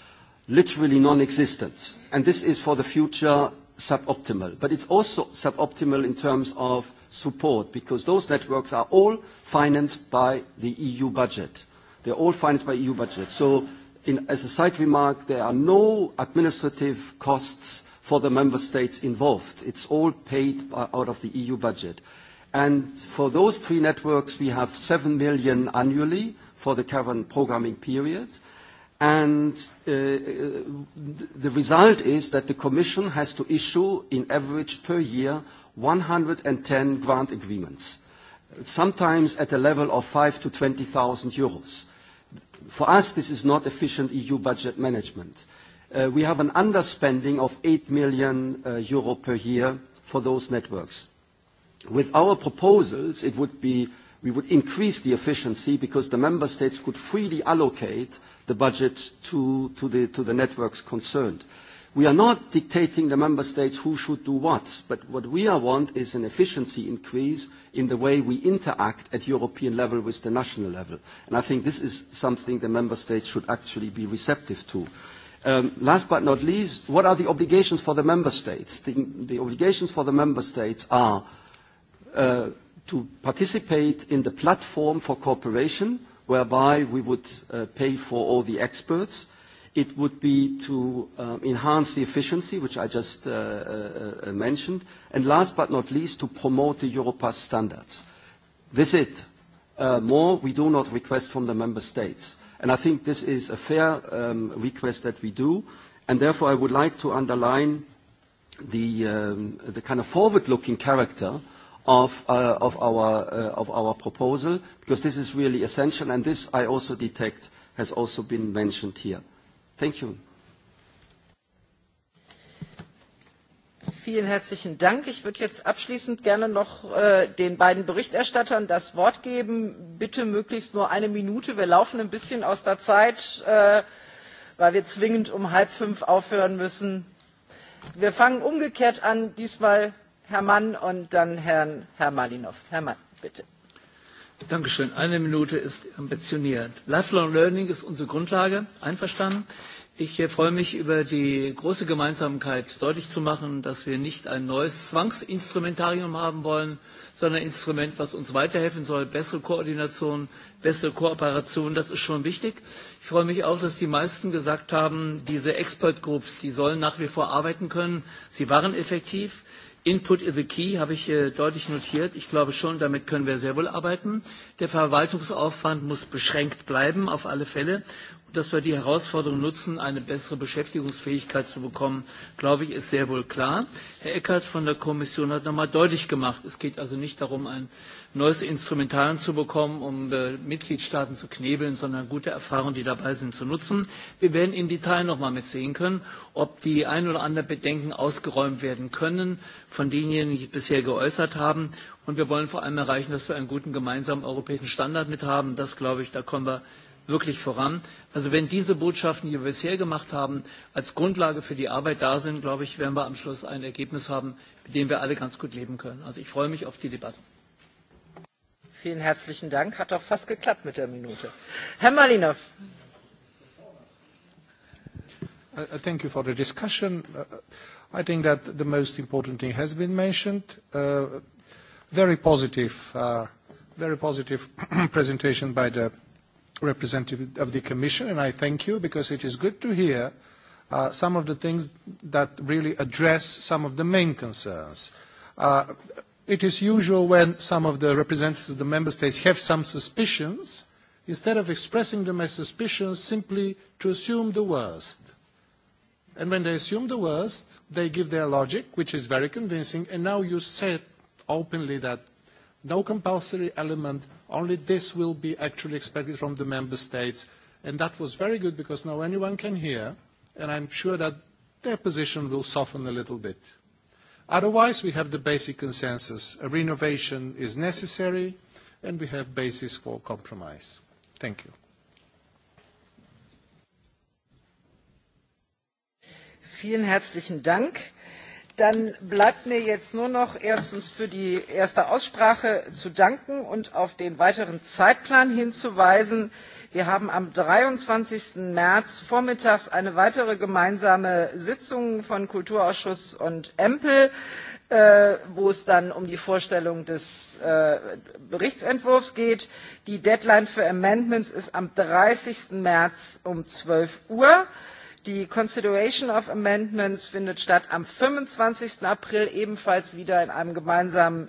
Speaker 2: literally non-existent. And this is for the future suboptimal. But it's also suboptimal in terms of support because those networks are all financed by the EU budget. They're all financed by EU budget. So in, as a side remark, there are no administrative costs for the member states involved. It's all paid out of the EU budget. And for those three networks, we have 7 million annually for the current programming period. And uh, uh, the result is that the Commission has to issue, in average per year, 110 grant agreements, sometimes at a level of 5 to 20,000 euros. For us, this is not efficient EU budget management. Uh, Uh, we have an underspending of 8 million uh, euro per year for those networks. With our proposals, we would increase the efficiency because the member states could freely allocate the budget to the networks concerned. We are not dictating the member states who should do what, but what we want is an efficiency increase in the way we interact at European level with the national level. I think this is something the member states should actually be receptive to. Um, last but not least, what are the obligations for the member states? The, the obligations for the member states are uh, to participate in the platform for cooperation, whereby we would uh, pay for all the experts. It would be to um, enhance the efficiency, which I just uh, uh, uh, mentioned. And last but not least, to promote the Europass standards. This is it. Uh, more we do not request from the member states and I think this is a fair um, request that we do, and therefore I would like to underline the, um, the kind of forward-looking character of, uh, of, our, uh, of our proposal, because this is really essential, and this I also detect has also been mentioned here. Thank you.
Speaker 1: vielen herzlichen Dank. Ich würde jetzt abschließend gerne noch äh, den beiden Berichterstattern das Wort geben. Bitte möglichst nur eine Minute. Wir laufen ein bisschen aus der Zeit, äh, weil wir zwingend um halb fünf aufhören müssen. Wir fangen umgekehrt an, diesmal Herr Mann und dann Herrn Herr Malinow. Herr Mann, bitte.
Speaker 6: Dankeschön. Eine Minute ist ambitioniert. Lifelong Learning ist unsere Grundlage. Einverstanden? Ich äh, freue mich über die große Gemeinsamkeit deutlich zu machen, dass wir nicht ein neues Zwangsinstrumentarium haben wollen, sondern ein Instrument, was uns weiterhelfen soll, bessere Koordination, bessere Kooperation, das ist schon wichtig. Ich freue mich auch, dass die meisten gesagt haben, diese Expert Groups, die sollen nach wie vor arbeiten können, sie waren effektiv. Input is the key, habe ich äh, deutlich notiert. Ich glaube schon, damit können wir sehr wohl arbeiten. Der Verwaltungsaufwand muss beschränkt bleiben, auf alle Fälle dass wir die herausforderung nutzen eine bessere beschäftigungsfähigkeit zu bekommen glaube ich ist sehr wohl klar. herr eckhart von der kommission hat noch einmal deutlich gemacht es geht also nicht darum ein neues instrumentarium zu bekommen um äh, mitgliedstaaten zu knebeln sondern gute erfahrungen die dabei sind zu nutzen. wir werden im detail noch einmal mit sehen können ob die ein oder anderen bedenken ausgeräumt werden können von denjenigen die bisher geäußert haben. Und wir wollen vor allem erreichen, dass wir einen guten gemeinsamen europäischen Standard mit haben. Das glaube ich, da kommen wir wirklich voran. Also wenn diese Botschaften, die wir bisher gemacht haben, als Grundlage für die Arbeit da sind, glaube ich, werden wir am Schluss ein Ergebnis haben, mit dem wir alle ganz gut leben können. Also ich freue mich auf die Debatte.
Speaker 1: Vielen herzlichen Dank. Hat doch fast geklappt mit der Minute. Herr
Speaker 5: Malinov. Thank you for the discussion. Uh, I think that the most important thing has been mentioned. Uh, very positive, uh, very positive presentation by the representative of the Commission, and I thank you because it is good to hear uh, some of the things that really address some of the main concerns. Uh, it is usual when some of the representatives of the member states have some suspicions, instead of expressing them as suspicions, simply to assume the worst. When they assume the worst, they give their logic, which is very convincing, and now you said openly that no compulsory element, only this will be actually expected from the member states. And that was very good because now anyone can hear, and I'm sure that their position will soften a little bit. Otherwise, we have the basic consensus. A renovation is necessary, and we have basis for compromise. Thank you.
Speaker 1: Vielen herzlichen Dank. Dann bleibt mir jetzt nur noch erstens für die erste Aussprache zu danken und auf den weiteren Zeitplan hinzuweisen. Wir haben am 23. März vormittags eine weitere gemeinsame Sitzung von Kulturausschuss und Empel, äh, wo es dann um die Vorstellung des äh, Berichtsentwurfs geht. Die Deadline für Amendments ist am 30. März um 12 Uhr. Die Consideration of Amendments findet statt am 25. April ebenfalls wieder in einer gemeinsamen,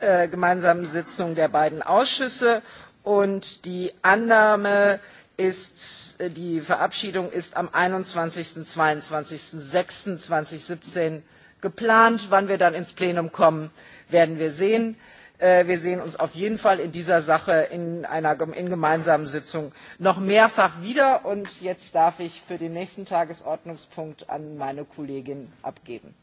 Speaker 1: äh, gemeinsamen Sitzung der beiden Ausschüsse. Und die Annahme ist, äh, die Verabschiedung ist am 21., 22., 26, 17 geplant. Wann wir dann ins Plenum kommen, werden wir sehen. Äh, wir sehen uns auf jeden Fall in dieser Sache in einer in gemeinsamen Sitzung noch mehrfach wieder. Und jetzt darf ich für den nächsten Tagesordnungspunkt an meine Kollegin abgeben.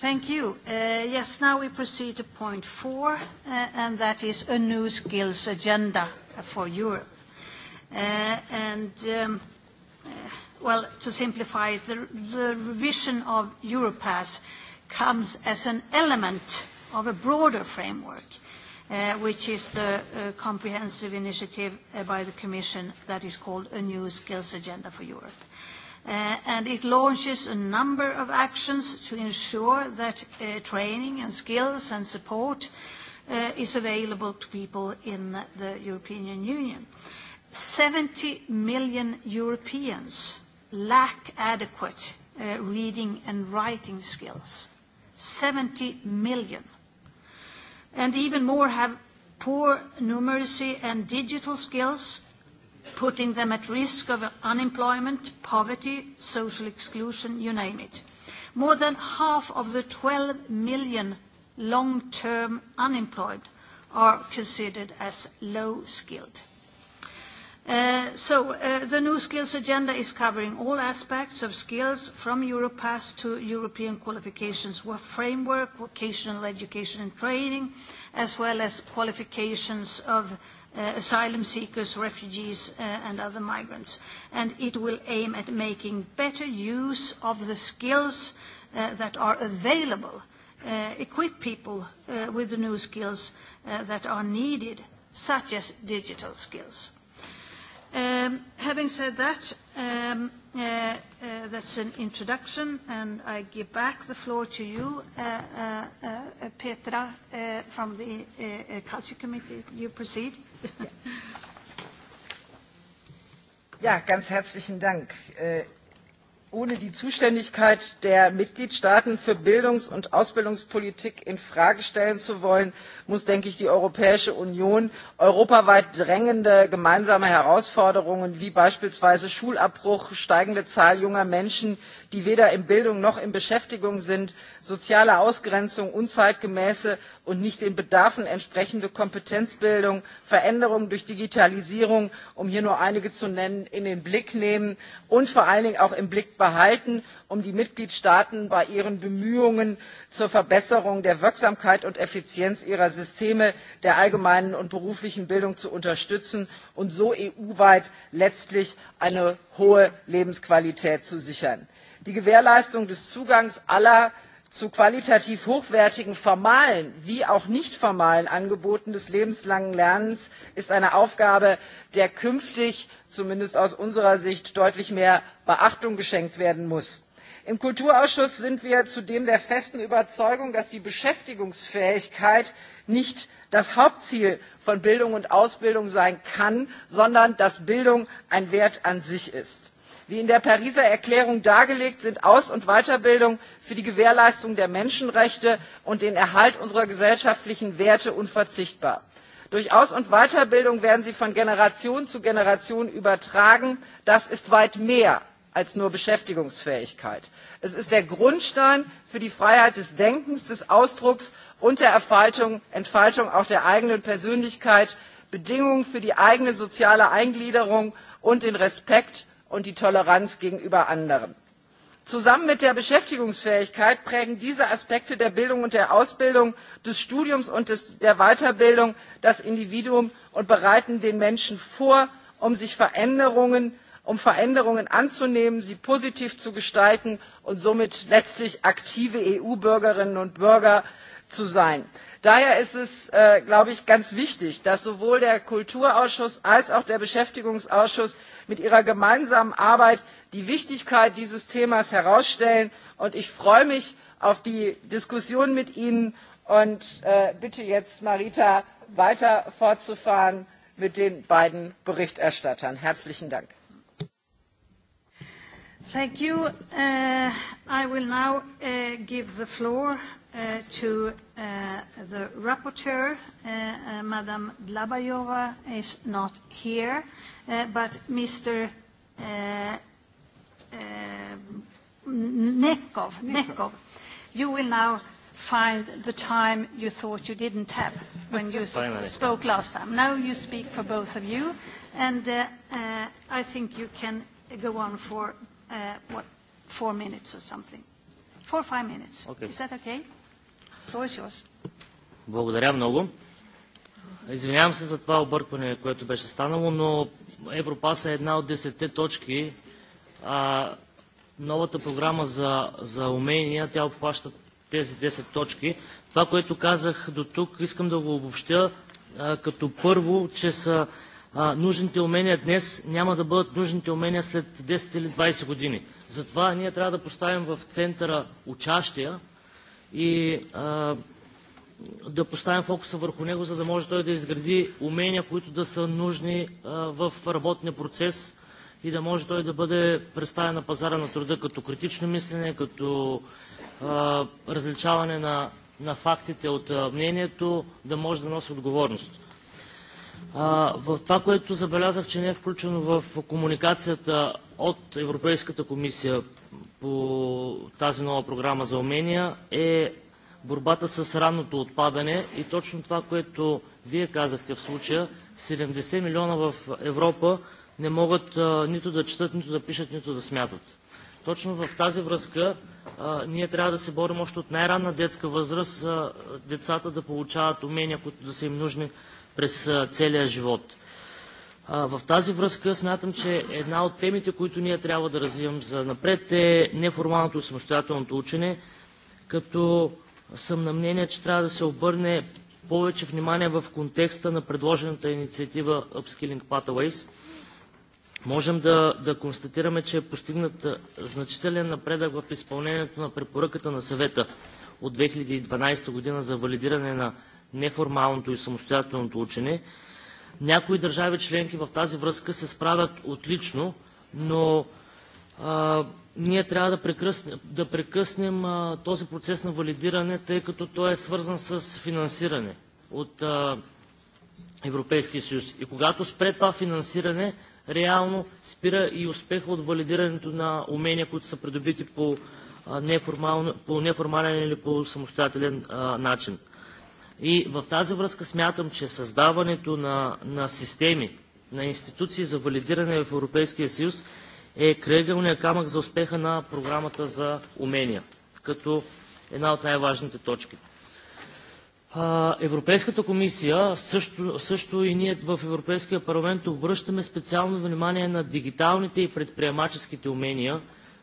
Speaker 3: Thank you. Uh, yes, now we proceed to point four, uh, and that is a new skills agenda for Europe. Uh, and, um, uh, well, to simplify it, the, the revision of Europass comes as an element of a broader framework, uh, which is the uh, comprehensive initiative uh, by the Commission that is called A New Skills Agenda for Europe. Uh, and it launches a number of actions to ensure that uh, training and skills and support uh, is available to people in the European Union. 70 million Europeans lack adequate uh, reading and writing skills. 70 million. And even more have poor numeracy and digital skills, putting them at risk of unemployment, poverty, social exclusion, you name it. More than half of the 12 million long-term unemployed are considered as low-skilled. Uh, so uh, the new skills agenda is covering all aspects of skills from Europass to European qualifications work framework, vocational education and training, as well as qualifications of uh, asylum seekers, refugees uh, and other migrants. And it will aim at making better use of the skills uh, that are available, uh, equip people uh, with the new skills uh, that are needed, such as digital skills. Um, having said that, um, uh, uh, that's an introduction, and I give back the floor to you, uh, uh, uh, Petra, uh, from the uh, uh, Culture Committee.
Speaker 1: You proceed. Yeah. Ja, ganz herzlichen Dank. Uh, ohne die Zuständigkeit der Mitgliedstaaten für Bildungs- und Ausbildungspolitik in Frage stellen zu wollen, muss, denke ich, die Europäische Union europaweit drängende gemeinsame Herausforderungen wie beispielsweise Schulabbruch, steigende Zahl junger Menschen, die weder in Bildung noch in Beschäftigung sind, soziale Ausgrenzung, unzeitgemäße und nicht den Bedarfen entsprechende Kompetenzbildung, Veränderungen durch Digitalisierung, um hier nur einige zu nennen, in den Blick nehmen und vor allen Dingen auch im Blick behalten um die mitgliedstaaten bei ihren bemühungen zur verbesserung der wirksamkeit und effizienz ihrer systeme der allgemeinen und beruflichen bildung zu unterstützen und so eu weit letztlich eine hohe lebensqualität zu sichern. die gewährleistung des zugangs aller zu qualitativ hochwertigen formalen wie auch nicht formalen angeboten des lebenslangen lernens ist eine aufgabe der künftig zumindest aus unserer sicht deutlich mehr beachtung geschenkt werden muss. im kulturausschuss sind wir zudem der festen überzeugung dass die beschäftigungsfähigkeit nicht das hauptziel von bildung und ausbildung sein kann sondern dass bildung ein wert an sich ist. Wie in der Pariser Erklärung dargelegt, sind Aus- und Weiterbildung für die Gewährleistung der Menschenrechte und den Erhalt unserer gesellschaftlichen Werte unverzichtbar. Durch Aus- und Weiterbildung werden sie von Generation zu Generation übertragen. Das ist weit mehr als nur Beschäftigungsfähigkeit. Es ist der Grundstein für die Freiheit des Denkens, des Ausdrucks und der Erfaltung, Entfaltung auch der eigenen Persönlichkeit, Bedingungen für die eigene soziale Eingliederung und den Respekt und die Toleranz gegenüber anderen. Zusammen mit der Beschäftigungsfähigkeit prägen diese Aspekte der Bildung und der Ausbildung, des Studiums und des, der Weiterbildung das Individuum und bereiten den Menschen vor, um sich Veränderungen, um Veränderungen anzunehmen, sie positiv zu gestalten und somit letztlich aktive EU-Bürgerinnen und Bürger zu sein daher ist es äh, glaube ich ganz wichtig dass sowohl der kulturausschuss als auch der beschäftigungsausschuss mit ihrer gemeinsamen arbeit die wichtigkeit dieses themas herausstellen und ich freue mich auf die diskussion mit ihnen und äh, bitte jetzt marita weiter fortzufahren mit den beiden berichterstattern. herzlichen dank!
Speaker 3: thank you. Uh, i will now uh, give the floor Uh, uh, the rapporteur, uh, Madam Dlabajova is not here, uh, but Mr. Uh, uh, Nekov, Nekov, you will now find the time you thought you didn't have when you sp spoke last time. Now you speak for both of you, and uh, uh, I think you can go on for, uh, what, four minutes or something. Four or five minutes. Okay. Is that okay? Слушаю вас.
Speaker 10: Благодаря много. Извинявам се за това объркване, което беше станало, но Европас е една от десетте точки. А, новата програма за, за умения, тя обхваща тези 10 точки. Това, което казах до тук, искам да го обобщя а, като първо, че са а, нужните умения днес, няма да бъдат нужните умения след 10 или 20 години. Затова ние трябва да поставим в центъра учащия, и а, да поставим фокуса върху него, за да може той да изгради умения, които да са нужни а, в работния процес и да може той да бъде представен на пазара на труда като критично мислене, като а, различаване на, на фактите от а, мнението, да може да носи отговорност. А, в това, което забелязах, че не е включено в комуникацията от Европейската комисия по тази нова програма за умения е борбата с ранното отпадане и точно това, което вие казахте в случая, 70 милиона в Европа не могат а, нито да четат, нито да пишат, нито да смятат. Точно в тази връзка а, ние трябва да се борим още от най-ранна детска възраст а, децата да получават умения, които да са им нужни през а, целия живот. В тази връзка смятам, че една от темите, които ние трябва да развивам за напред, е неформалното и самостоятелното учене, като съм на мнение, че трябва да се обърне повече внимание в контекста на предложената инициатива Upskilling Pathways. Можем да, да констатираме, че е постигнат значителен напредък в изпълнението на препоръката на съвета от 2012 година за валидиране на неформалното и самостоятелното учене, Някои държави членки в тази връзка се справят отлично, но а, ние трябва да прекъснем, да прекъснем а, този процес на валидиране, тъй като той е свързан с финансиране от а, Европейския съюз. И когато спре това финансиране, реално спира и успеха от валидирането на умения, които са придобити по, а, неформал, по неформален или по самостоятелен а, начин. И в тази връзка смятам, че създаването на, на системи, на институции за валидиране в Европейския съюз е крегълният камък за успеха на програмата за умения, като една от най-важните точки. Европейската комисия, също, също и ние в Европейския парламент обръщаме специално внимание на дигиталните и предприемаческите умения,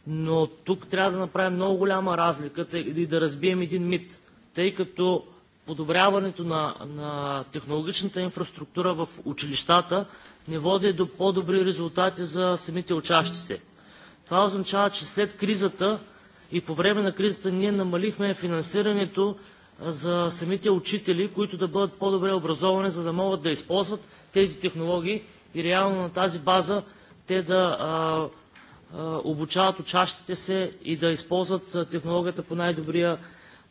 Speaker 10: но тук трябва да направим много голяма разлика и да разбием един мит, тъй като подобряването на, на технологичната инфраструктура в училищата не води до по-добри резултати за самите учащи се. Това означава, че след кризата и по време на кризата ние намалихме финансирането за самите учители, които да бъдат по-добре образовани, за да могат да използват тези технологии и реално на тази база те да а, а, обучават учащите се и да използват технологията по най-добрия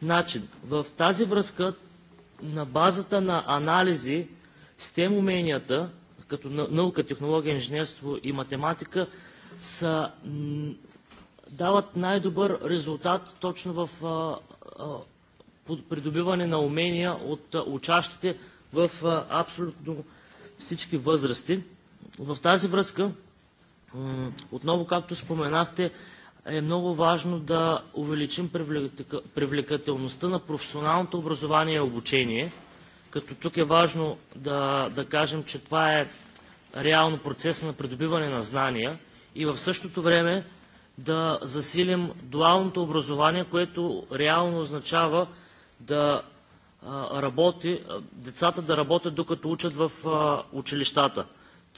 Speaker 10: начин. В тази връзка, на базата на анализи с тем уменията, като наука, технология, инженерство и математика, са, дават най-добър резултат точно в а, а, придобиване на умения от а, учащите в а, абсолютно всички възрасти. В тази връзка, отново както споменахте, е много важно да увеличим привлекателността на професионалното образование и обучение, като тук е важно да, да кажем, че това е реално процес на придобиване на знания и в същото време да засилим дуалното образование, което реално означава да работи, децата да работят докато учат в училищата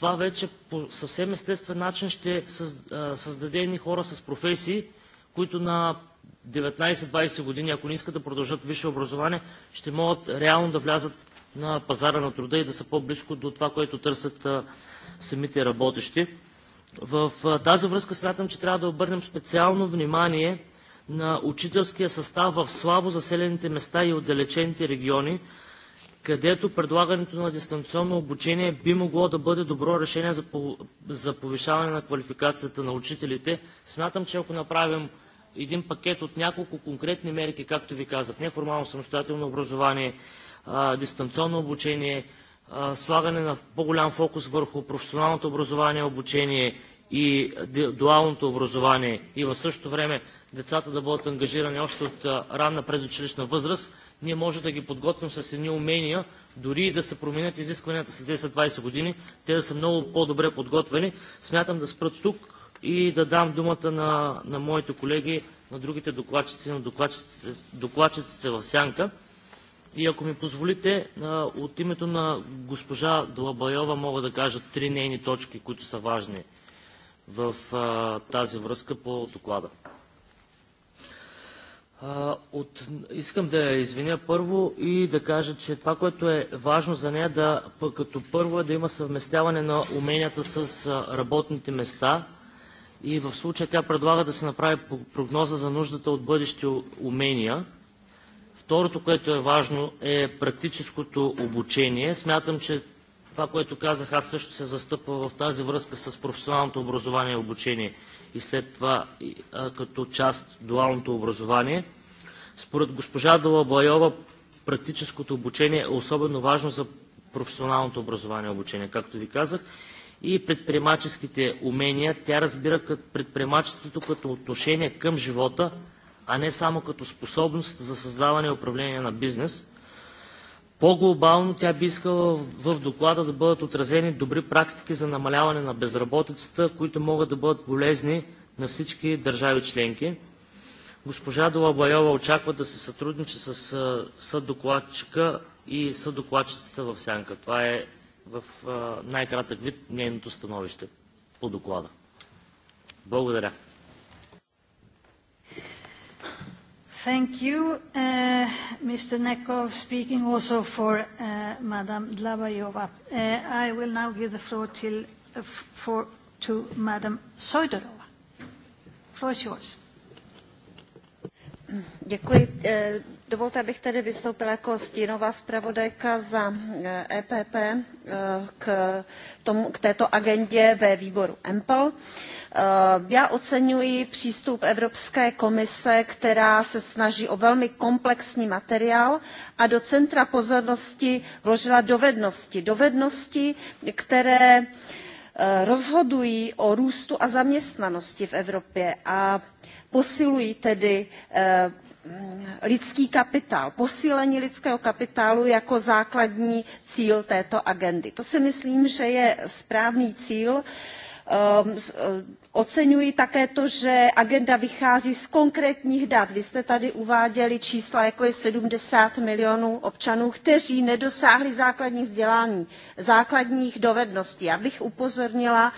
Speaker 10: това вече по съвсем естествен начин ще създаде едни хора с професии, които на 19-20 години, ако не искат да продължат висше образование, ще могат реално да влязат на пазара на труда и да са по-близко до това, което търсят самите работещи. В тази връзка смятам, че трябва да обърнем специално внимание на учителския състав в слабо заселените места и отдалечените региони, където предлагането на дистанционно обучение би могло да бъде добро решение за, по, за повишаване на квалификацията на учителите. Смятам, че ако направим един пакет от няколко конкретни мерки, както ви казах, неформално самостоятелно образование, а, дистанционно обучение, а, слагане на по-голям фокус върху професионалното образование, обучение и дуалното образование и в същото време децата да бъдат ангажирани още от ранна предучилищна възраст, ние може да ги подготвим с едни умения, дори и да се променят изискванията след 10-20 години, те да са много по-добре подготвени. Смятам да спрат тук и да дам думата на, на моите колеги, на другите докладчици, на докладчиците, докладчиците в Сянка. И ако ми позволите, от името на госпожа Длабайова мога да кажа три нейни точки, които са важни в тази връзка по доклада. От, искам да я извиня първо и да кажа, че това, което е важно за нея, да, като първо е да има съвместяване на уменията с работните места. И в случая тя предлага да се направи прогноза за нуждата от бъдещи умения. Второто, което е важно, е практическото обучение. Смятам, че това, което казах, аз също се застъпва в тази връзка с професионалното образование и обучение и след това като част дуалното образование. Според госпожа Долабайова, практическото обучение е особено важно за професионалното образование обучение, както ви казах, и предприемаческите умения. Тя разбира предприемачеството като отношение към живота, а не само като способност за създаване и управление на бизнес – По-глобално тя би искала в доклада да бъдат отразени добри практики за намаляване на безработицата, които могат да бъдат полезни на всички държави членки. Госпожа Долабайова очаква да се сътрудничи с съдокладчика и съдокладчицата в Сянка. Това е в най-кратък вид нейното становище по доклада. Благодаря.
Speaker 3: Thank you, uh, Mr. Nekov, speaking also for uh, Madam Dlabayova. Uh, I will now give the floor till, uh, for, to Madam Soidorova.
Speaker 12: The floor is yours. Eh, dovolte abych tedy vystoupila jako stínová zpravodajka za epp eh, e eh, k této agendě ve výboru empl. já oceňuji přístup evropské komise která se snaží o velmi komplexní materiál a do centra pozornosti vložila dovednosti dovednosti které Eh, rozhodují o růstu a zaměstnanosti v evropě a posilují tedy eh, lidský kapitál posílení lidského kapitálu jako základní cíl této agendy. to si myslím že je správný cíl. Ehm, e, oceňuji také to, že agenda vychází z konkrétních dat. Vy jste tady uváděli čísla, jako je 70 milionů občanů, kteří nedosáhli základních vzdělání, základních dovedností. Abych upozornila,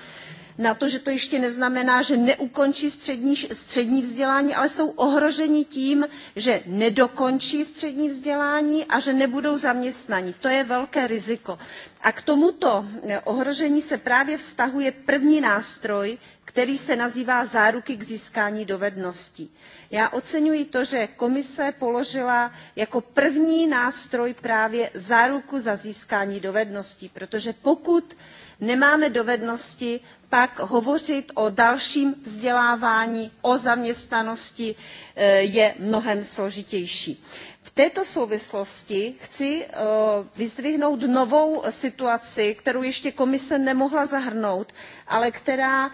Speaker 12: na to, že to ještě neznamená, že neukončí střední, střední vzdělání, ale jsou ohroženi tím, že nedokončí střední vzdělání a že nebudou zaměstnaní. To je velké riziko. A k tomuto ohrožení se právě vztahuje první nástroj, který se nazývá záruky k získání dovedností. Já oceňuji to, že komise položila jako první nástroj právě záruku za získání dovedností, protože pokud nemáme dovednosti pak hovořit o dalším vzdělávání, o zaměstnanosti eh, je mnohem složitější. V této souvislosti chci eh, vyzdvihnout novou situaci, kterou ještě komise nemohla zahrnout, ale která eh,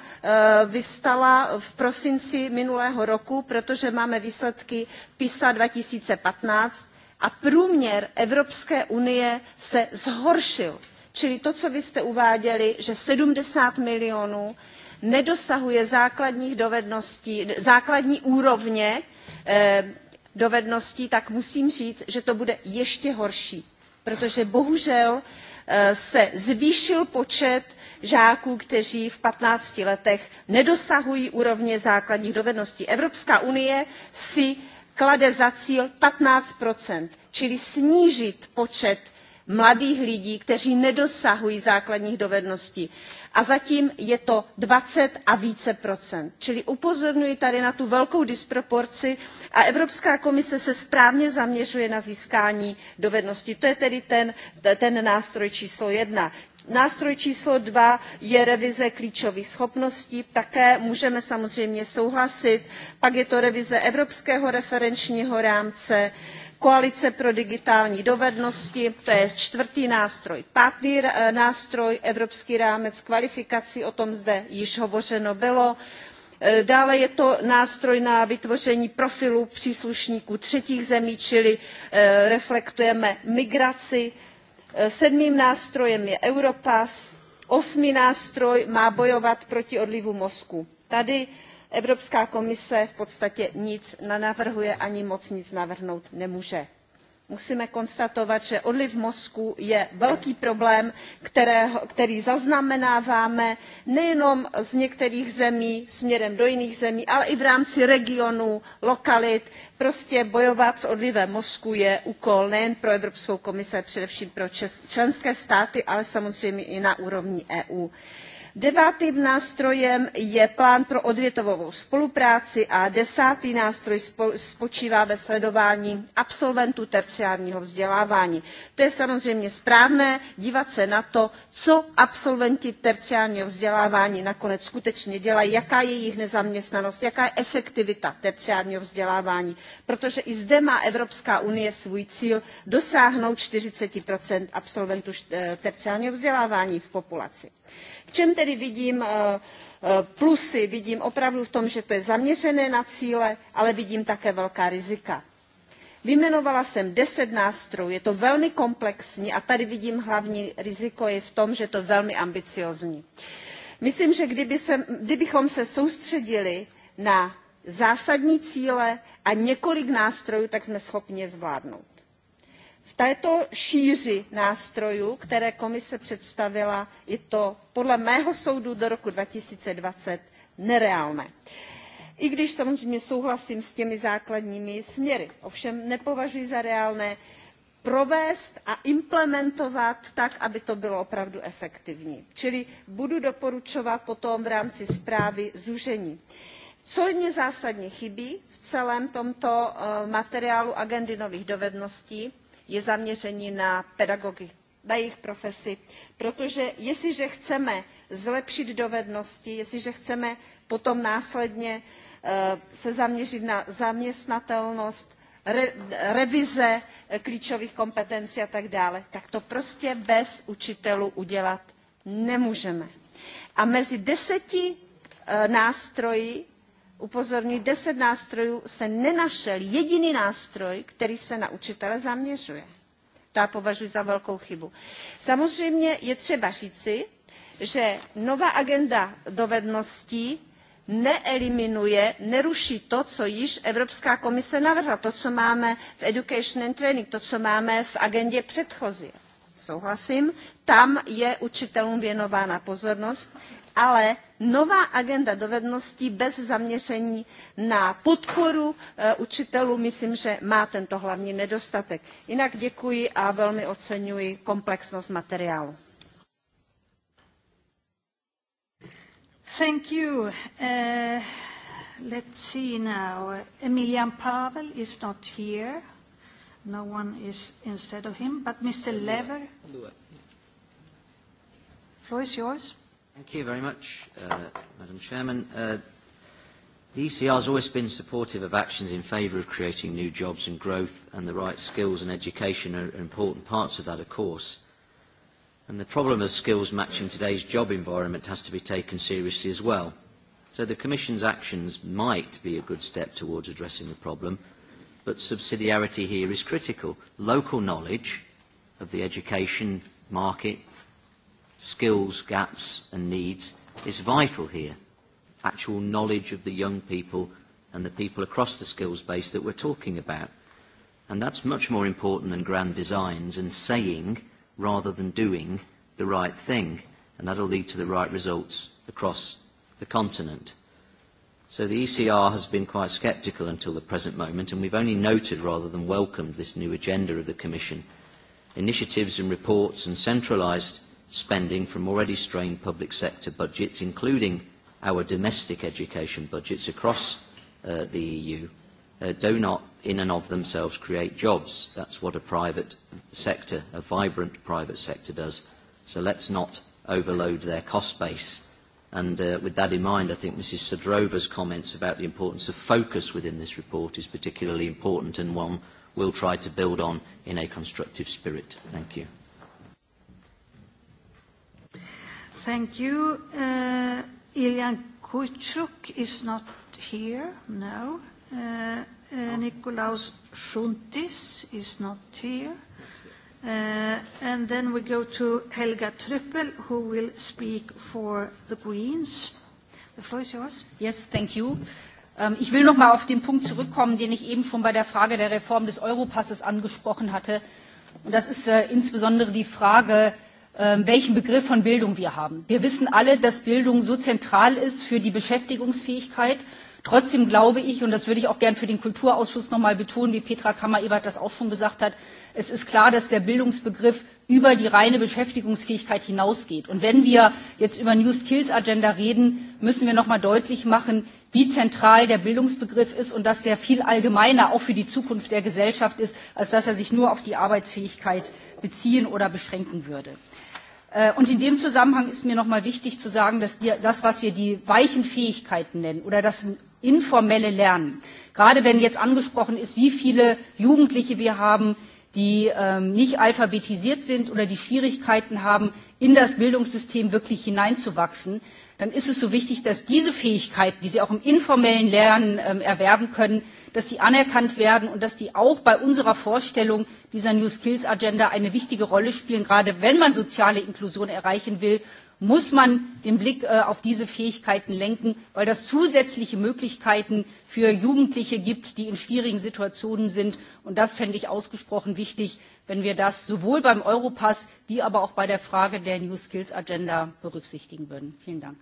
Speaker 12: vyvstala v prosinci minulého roku, protože máme výsledky PISA 2015 a průměr Evropské unie se zhoršil Čili to, co vy jste uváděli, že 70 milionů nedosahuje základních dovedností, základní úrovně eh, dovedností, tak musím říct, že to bude ještě horší, protože bohužel eh, se zvýšil počet žáků, kteří v 15 letech nedosahují úrovně základních dovedností. Evropská unie si klade za cíl 15%, čili snížit počet eh, mladých lidí kteří nedosahují základních dovedností a zatím je to twenty a více procent. čili upozorňuji tady na tu velkou disproporci a evropská komise se správně zaměřuje na získání dovedností to je tedy ten nástroj číslo jedna. Nástroj číslo dva je revize klíčových schopností. Také můžeme samozřejmě souhlasit. Pak je to revize Evropského referenčního rámce, koalice pro digitální dovednosti, to je čtvrtý nástroj. Pátý eh, nástroj, Evropský rámec kvalifikací, o tom zde již hovořeno bylo. Eh, dále je to nástroj na vytvoření profilu příslušníků třetích zemí, čili eh, reflektujeme migraci E, sedmým nástrojem je europass osmý nástroj má bojovat proti odlivu mozku. tady evropská komise v podstatě nic nenavrhuje ani moc nic navrhnout nemůže musíme konstatovat že odliv mozků je velký problém který zaznamenáváme nejenom z některých zemí směrem do jiných zemí ale i v rámci regionů lokalit prostě bojovat s odlivem mozků je úkol nejen pro evropskou komisi ale především pro členské státy ale samozřejmě i na úrovni evropské unie devátým nástrojem je plán pro odvětvovou spolupráci a desátý nástroj spočívá ve sledování absolventů terciárního vzdělávání. to je samozřejmě správné dívat se na to co absolventi terciárního vzdělávání nakonec skutečně dělají jaká je jejich nezaměstnanost jaká je efektivita terciárního vzdělávání protože i zde má evropská unie svůj cíl dosáhnout forty absolventů terciárního vzdělávání v populaci. V čem tedy vidím eh, eh, plusy? Vidím opravdu v tom, že to je zaměřené na cíle, ale vidím také velká rizika. Vymenovala jsem deset nástrojů, je to velmi komplexní a tady vidím hlavní riziko je v tom, že to je velmi ambiciozní. Myslím, že kdyby se, kdybychom se soustředili na zásadní cíle a několik nástrojů, tak jsme schopni je zvládnout v této šíři nástrojů které komise představila je to podle mého soudu do roku two thousand and twenty nereálné i když samozřejmě souhlasím s těmi základními směry ovšem nepovažuji za reálné provést a implementovat tak aby to bylo opravdu efektivní čili budu doporučovat potom v rámci zprávy zúžení. co mně zásadně chybí v celém tomto eh, materiálu agendy nových dovedností je zaměření na pedagogy, na jejich profesi. Protože jestliže chceme zlepšit dovednosti, jestliže chceme potom následně eh, se zaměřit na zaměstnatelnost, re, revize eh, klíčových kompetencí a tak dále, tak to prostě bez učitelů udělat nemůžeme. A mezi deseti eh, nástroji, upozorňuji, deset nástrojů se nenašel jediný nástroj, který se na učitele zaměřuje. To já považuji za velkou chybu. Samozřejmě je třeba říci, že nová agenda dovedností neeliminuje, neruší to, co již Evropská komise navrhla, to, co máme v Education and Training, to, co máme v agendě předchozí. Souhlasím, tam je učitelům věnována pozornost, ale nová agenda dovedností bez zaměření na podporu eh, učitelů myslím, že má tento hlavní nedostatek. Jinak děkuji a velmi oceňuji komplexnost materiálu. Thank you. Uh,
Speaker 3: let's see now. Emilian Pavel is not here. No one is instead of him, but Mr. Lever. Floor is yours.
Speaker 7: Thank you very much, uh, Madam Chairman. Uh, the ECR has always been supportive of actions in favour of creating new jobs and growth, and the right skills and education are important parts of that, of course. And the problem of skills matching today's job environment has to be taken seriously as well. So the Commission's actions might be a good step towards addressing the problem, but subsidiarity here is critical. Local knowledge of the education market, skills, gaps and needs is vital here. Actual knowledge of the young people and the people across the skills base that we're talking about. And that's much more important than grand designs and saying rather than doing the right thing. And that'll lead to the right results across the continent. So the ECR has been quite sceptical until the present moment, and we've only noted rather than welcomed this new agenda of the Commission. Initiatives and reports and centralised spending from already strained public sector budgets, including our domestic education budgets across uh, the EU, uh, do not in and of themselves create jobs. That's what a private sector, a vibrant private sector does. So let's not overload their cost base. And uh, with that in mind, I think Mrs. Sadrova's comments about the importance of focus within this report is particularly important and one we'll try to build on in a constructive spirit. Thank you.
Speaker 3: Thank you. Uh, Ilya Kuchuk is not here, no. Uh, uh, Nikolaus Schuntis is not here. And then we go to Helga Trippel,
Speaker 13: who will speak for the Greens. The floor is yours. Yes, thank you. Ähm, ich will noch mal auf den Punkt zurückkommen, den ich eben schon bei der Frage der Reform des Europasses angesprochen hatte. Und das ist äh, insbesondere die Frage, Ähm, welchen Begriff von Bildung wir haben. Wir wissen alle, dass Bildung so zentral ist für die Beschäftigungsfähigkeit. Trotzdem glaube ich, und das würde ich auch gern für den Kulturausschuss nochmal betonen, wie Petra Kammer-Ebert das auch schon gesagt hat, es ist klar, dass der Bildungsbegriff über die reine Beschäftigungsfähigkeit hinausgeht. Und wenn wir jetzt über New Skills Agenda reden, müssen wir nochmal deutlich machen, wie zentral der Bildungsbegriff ist und dass der viel allgemeiner auch für die Zukunft der Gesellschaft ist, als dass er sich nur auf die Arbeitsfähigkeit beziehen oder beschränken würde. Äh, und in dem Zusammenhang ist mir nochmal wichtig zu sagen, dass die, das, was wir die weichen Fähigkeiten nennen oder das informelle Lernen, gerade wenn jetzt angesprochen ist, wie viele Jugendliche wir haben, die ähm, nicht alphabetisiert sind oder die Schwierigkeiten haben, in das Bildungssystem wirklich hineinzuwachsen, dann ist es so wichtig, dass diese Fähigkeiten, die sie auch im informellen Lernen ähm, erwerben können, dass sie anerkannt werden und dass die auch bei unserer Vorstellung dieser New Skills Agenda eine wichtige Rolle spielen. Gerade wenn man soziale Inklusion erreichen will, muss man den Blick äh, auf diese Fähigkeiten lenken, weil das zusätzliche Möglichkeiten für Jugendliche gibt, die in schwierigen Situationen sind. Und das fände ich ausgesprochen wichtig, wenn wir das sowohl beim Europass wie aber auch bei der Frage der New Skills Agenda berücksichtigen würden. Vielen Dank.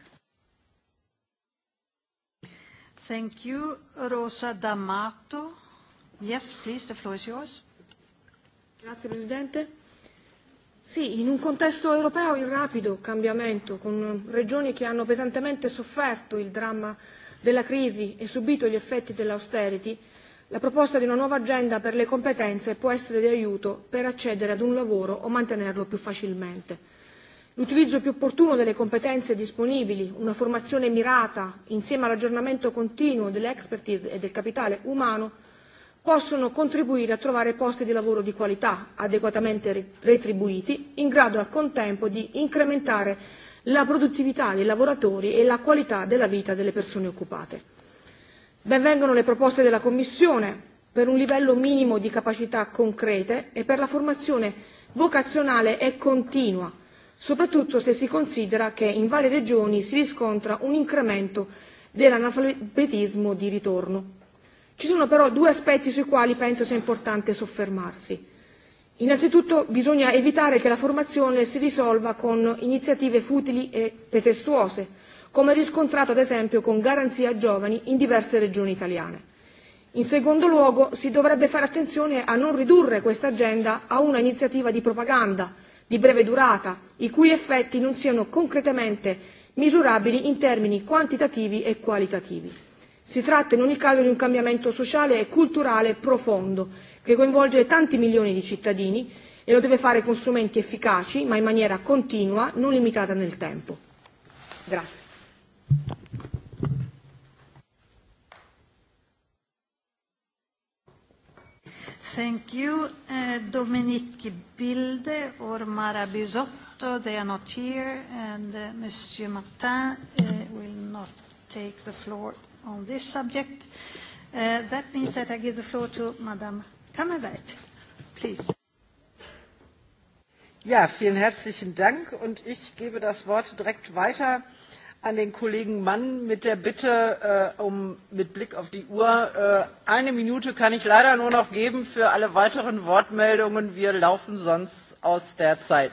Speaker 3: Thank you, Rosa D'Amato. Yes, please, the floor is yours.
Speaker 16: Grazie Presidente. Sì, in un contesto europeo in rapido cambiamento, con regioni che hanno pesantemente sofferto il dramma della crisi e subito gli effetti dell'austerity, La proposta di una nuova agenda per le competenze può essere di aiuto per accedere ad un lavoro o mantenerlo più facilmente. L'utilizzo più opportuno delle competenze disponibili, una formazione mirata insieme all'aggiornamento continuo delle expertise e del capitale umano possono contribuire a trovare posti di lavoro di qualità adeguatamente retribuiti, in grado al contempo di incrementare la produttività dei lavoratori e la qualità della vita delle persone occupate. Ben vengono le proposte della Commissione per un livello minimo di capacità concrete e per la formazione vocazionale e continua, soprattutto se si considera che in varie regioni si riscontra un incremento dell'analfabetismo di ritorno. Ci sono però due aspetti sui quali penso sia importante soffermarsi. Innanzitutto bisogna evitare che la formazione si risolva con iniziative futili e pretestuose, come riscontrato ad esempio con garanzia giovani in diverse regioni italiane. In secondo luogo, si dovrebbe fare attenzione a non ridurre questa agenda a una iniziativa di propaganda di breve durata, i cui effetti non siano concretamente misurabili in termini quantitativi e qualitativi. Si tratta in ogni caso di un cambiamento sociale e culturale profondo che coinvolge tanti milioni di cittadini e lo deve fare con strumenti efficaci, ma in maniera continua, non limitata nel tempo. Grazie.
Speaker 3: Thank you, eh, Dominique Bilde or Mara Bisotto. They are not here, and eh, Monsieur Martin eh, will not take the floor on this subject. That means that I give the floor to Madame Kammerwald.
Speaker 1: Please. Ja, vielen herzlichen Dank, und ich gebe das Wort direkt weiter an den kollegen mann mit der bitte äh, um, mit blick auf die uhr äh, eine minute kann ich leider nur noch geben für alle weiteren wortmeldungen wir laufen sonst aus der zeit.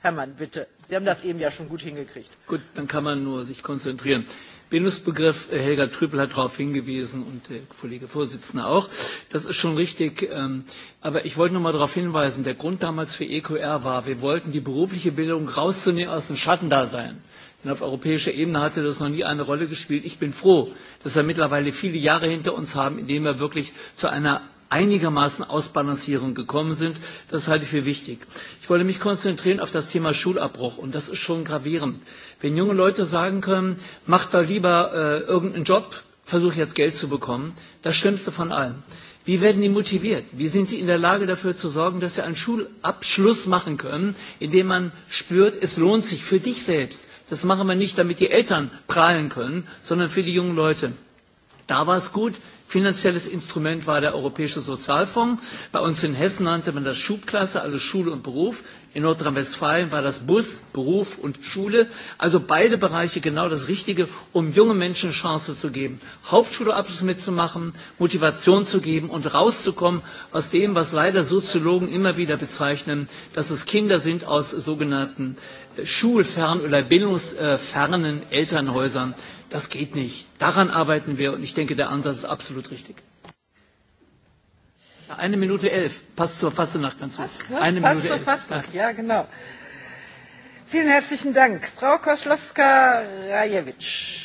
Speaker 1: herr mann bitte sie haben das
Speaker 6: eben ja schon gut hingekriegt. gut dann kann man nur sich konzentrieren. Bindungsbegriff, äh, Helga Trüppel hat darauf hingewiesen und der Kollege Vorsitzende auch. Das ist schon richtig. Ähm, aber ich wollte noch mal darauf hinweisen, der Grund damals für EQR war, wir wollten die berufliche Bildung rauszunehmen aus dem Schattendasein. Denn auf europäischer Ebene hatte das noch nie eine Rolle gespielt. Ich bin froh, dass wir mittlerweile viele Jahre hinter uns haben, in denen wir wirklich zu einer einigermaßen Ausbalancierung gekommen sind. Das halte ich für wichtig. Ich wollte mich konzentrieren auf das Thema Schulabbruch. Und das ist schon gravierend. Wenn junge Leute sagen können, mach doch lieber äh, irgendeinen Job, versuche jetzt Geld zu bekommen, das Schlimmste von allem. Wie werden die motiviert? Wie sind sie in der Lage dafür zu sorgen, dass sie einen Schulabschluss machen können, indem man spürt, es lohnt sich für dich selbst? Das machen wir nicht, damit die Eltern prahlen können, sondern für die jungen Leute. Da war es gut. Finanzielles Instrument war der Europäische Sozialfonds. Bei uns in Hessen nannte man das Schubklasse, also Schule und Beruf. In Nordrhein-Westfalen war das Bus, Beruf und Schule. Also beide Bereiche genau das Richtige, um jungen Menschen Chance zu geben, Hauptschulabschluss mitzumachen, Motivation zu geben und rauszukommen aus dem, was leider Soziologen immer wieder bezeichnen, dass es Kinder sind aus sogenannten äh, schulfernen oder bildungsfernen Elternhäusern. Das geht nicht. Daran arbeiten wir und ich denke, der Ansatz ist absolut richtig. Ja, eine Minute elf. Passt zur Fastenacht ganz gut. Passt, Eine passt Minute zur Fastnacht, ja genau. Vielen herzlichen
Speaker 1: Dank. Frau Koszlowska-Rajewicz.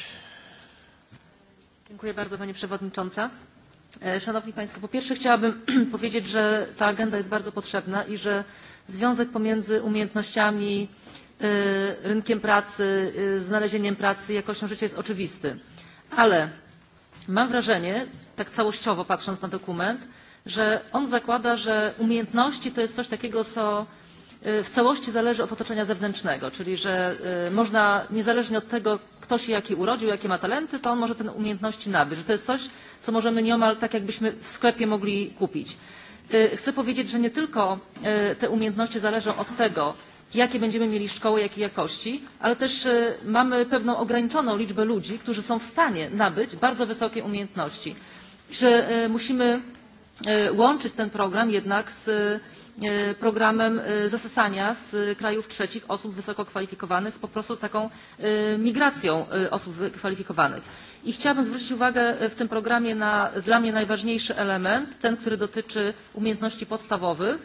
Speaker 9: Dziękuję bardzo, Pani Przewodnicząca. E, Szanowni Państwo, po pierwsze chciałabym powiedzieć, że ta agenda jest bardzo potrzebna i że związek pomiędzy umiejętnościami E, rynkiem pracy e, znalezieniem pracy jakością życia jest oczywisty ale mam wrażenie tak całościowo patrząc na dokument że on zakłada że umiejętności to jest coś takiego co e, w całości zależy od otoczenia zewnętrznego czyli że można niezależnie od tego kto się jaki urodził jakie ma talenty to on może te umiejętności nabyć że to jest coś co możemy niemal tak jakbyśmy w sklepie mogli kupić. chcę powiedzieć że nie tylko te umiejętności zależą od tego jakie będziemy mieli szkoły, jakiej jakości, ale też e, mamy pewną ograniczoną liczbę ludzi, którzy są w stanie nabyć bardzo wysokie umiejętności. Że e, musimy e, łączyć ten program jednak z programem zasysania z krajów trzecich osób wysoko kwalifikowanych, z po prostu z taką migracją osób wykwalifikowanych. I chciałabym zwrócić uwagę w tym programie na dla mnie najważniejszy element, ten, który dotyczy umiejętności podstawowych,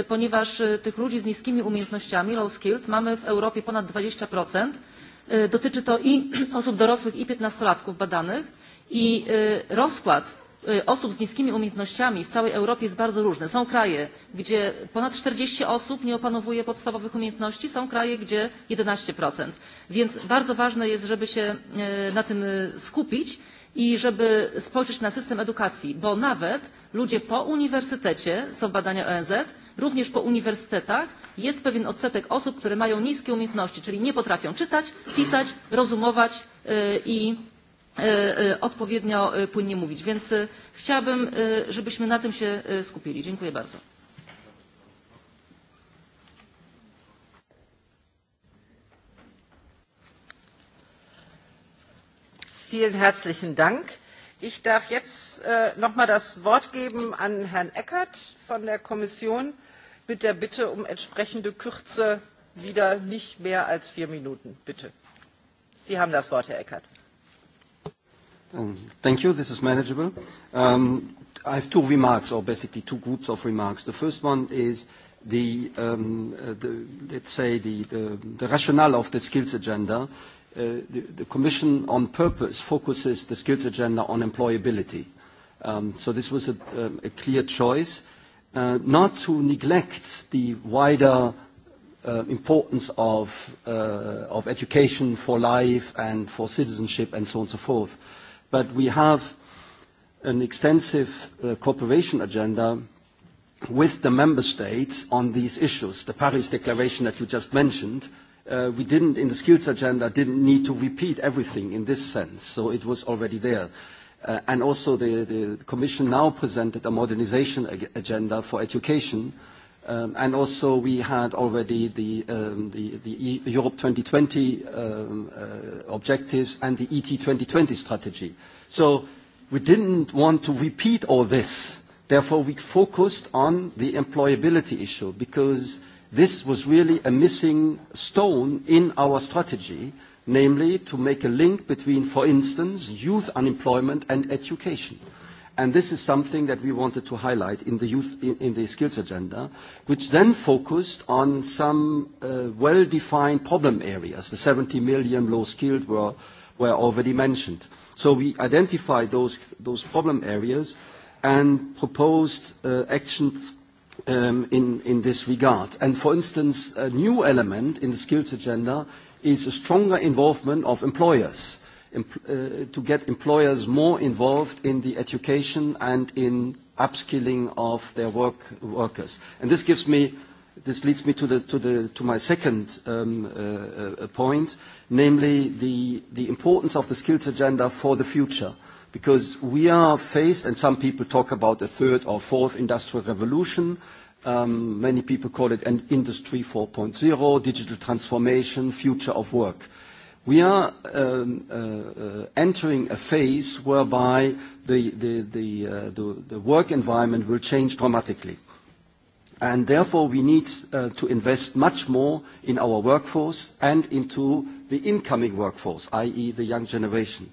Speaker 9: E, ponieważ e, tych ludzi z niskimi umiejętnościami low skilled mamy w Europie ponad 20%. E, dotyczy to i osób dorosłych i piętnastolatków badanych i rozkład osób z niskimi umiejętnościami w całej Europie jest bardzo różne. Są kraje, gdzie ponad 40 osób nie opanowuje podstawowych umiejętności, są kraje, gdzie 11%. Więc bardzo ważne jest, żeby się na tym skupić i żeby spojrzeć na system edukacji, bo nawet ludzie po uniwersytecie, są badania ONZ, również po uniwersytetach jest pewien odsetek osób, które mają niskie umiejętności, czyli nie potrafią czytać, pisać, rozumować i odpowiednio płynnie mówić. Więc chciałabym, żebyśmy na tym się skupili. Dziękuję bardzo.
Speaker 1: Vielen herzlichen Dank. Ich darf jetzt äh, noch mal das Wort geben an Herrn Eckert von der Kommission mit der Bitte um entsprechende Kürze wieder nicht mehr als vier Minuten. Bitte. Sie haben das Wort, Herr Eckert.
Speaker 5: Um,
Speaker 2: thank you. This is manageable. Um, I have two remarks or basically two groups of remarks. The first one is the, um, uh, the let's say, the, the, the rationale of the skills agenda. Uh, the, the Commission on purpose focuses the skills agenda on employability. Um, so this was a, um, a clear choice, uh, not to neglect the wider uh, importance of, uh, of education for life and for citizenship and so on and so forth. But we have an extensive uh, cooperation agenda with the member states on these issues, the Paris Declaration that you just mentioned, uh, Uh, we didn't, in the skills agenda, didn't need to repeat everything in this sense, so it was already there. Uh, and also the, the Commission now presented a modernization ag agenda for education, um, and also we had already the, um, the, the e Europe 2020 um, uh, objectives and the ET 2020 strategy. So we didn't want to repeat all this, therefore we focused on the employability issue, because uh, This was really a missing stone in our strategy, namely to make a link between, for instance, youth unemployment and education. This is something that we wanted to highlight in the skills agenda, which then focused on some uh, well-defined problem areas. The 70 million low-skilled were already mentioned. We identified those problem areas and proposed uh, actions um, in, in this regard. And for instance, a new element in the skills agenda is a stronger involvement of employers empl uh, to get employers more involved in the education and in upskilling of their work workers. And this gives me this leads me to, the, to, the, to my second um, uh, uh, point, namely the, the importance of the skills agenda for the future because we are faced, and some people talk about a third or fourth industrial revolution. Um, many people call it an industry 4.0, digital transformation, future of work. We are um, uh, uh, entering a phase whereby the, the, the, uh, the, the work environment will change dramatically. And therefore, we need uh, to invest much more in our workforce and into the incoming workforce, i.e. the young generation.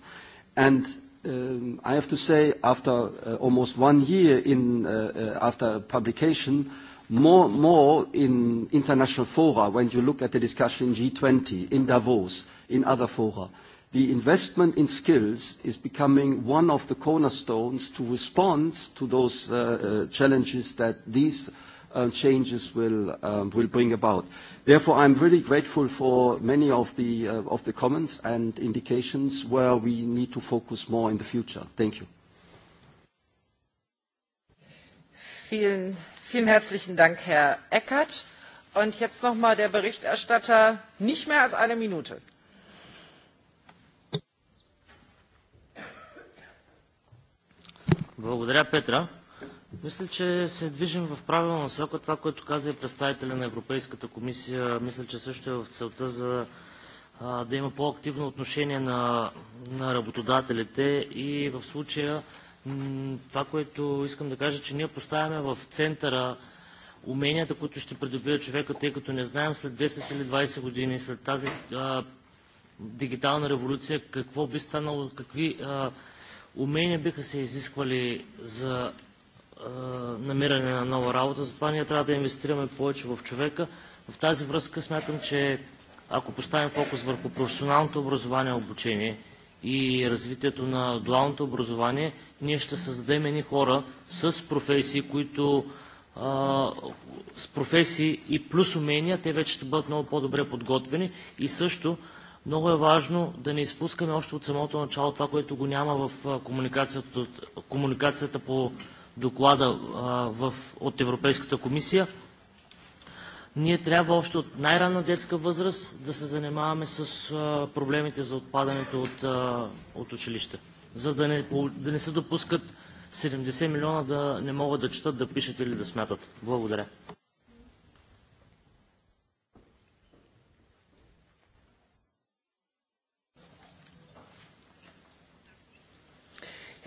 Speaker 2: And Um, I have to say, after uh, almost one year in, uh, uh, after publication, more, more in international fora, when you look at the discussion in G20, in Davos, in other fora, the investment in skills is becoming one of the cornerstones to respond to those uh, uh, challenges that these Uh, changes um, will bring about. Therefore, I'm really grateful for many uh, of the comments and indications where we need to focus more in the future. Thank you.
Speaker 1: Vielen herzlichen Dank, Herr Eckert. Jetzt nochmal der Berichterstatter, nicht mehr als eine
Speaker 10: Minute. Благодаря, Петра. Мисля, че се движим в правилно насока. Това, което каза и представителя на Европейската комисия, мисля, че също е в целта за а, да има по-активно отношение на, на работодателите. И в случая това, което искам да кажа, че ние поставяме в центъра уменията, които ще придобие човека, тъй като не знаем след 10 или 20 години, след тази а, дигитална революция, какво би станало, какви а, умения биха се изисквали за намиране на нова работа, затова ние трябва да инвестираме повече в човека. В тази връзка смятам, че ако поставим фокус върху професионалното образование и обучение и развитието на дуалното образование, ние ще създадем едни хора с професии, които с професии и плюс умения, те вече ще бъдат много по-добре подготвени и също много е важно да не изпускаме още от самото начало това, което го няма в комуникацията, комуникацията по доклада а, в, от Европейската комисия, ние трябва още от най-ранна детска възраст да се занимаваме с а, проблемите за отпадането от, а, от училище. За да не, да не се допускат 70 милиона да не могат да четат, да пишат или да смятат. Благодаря.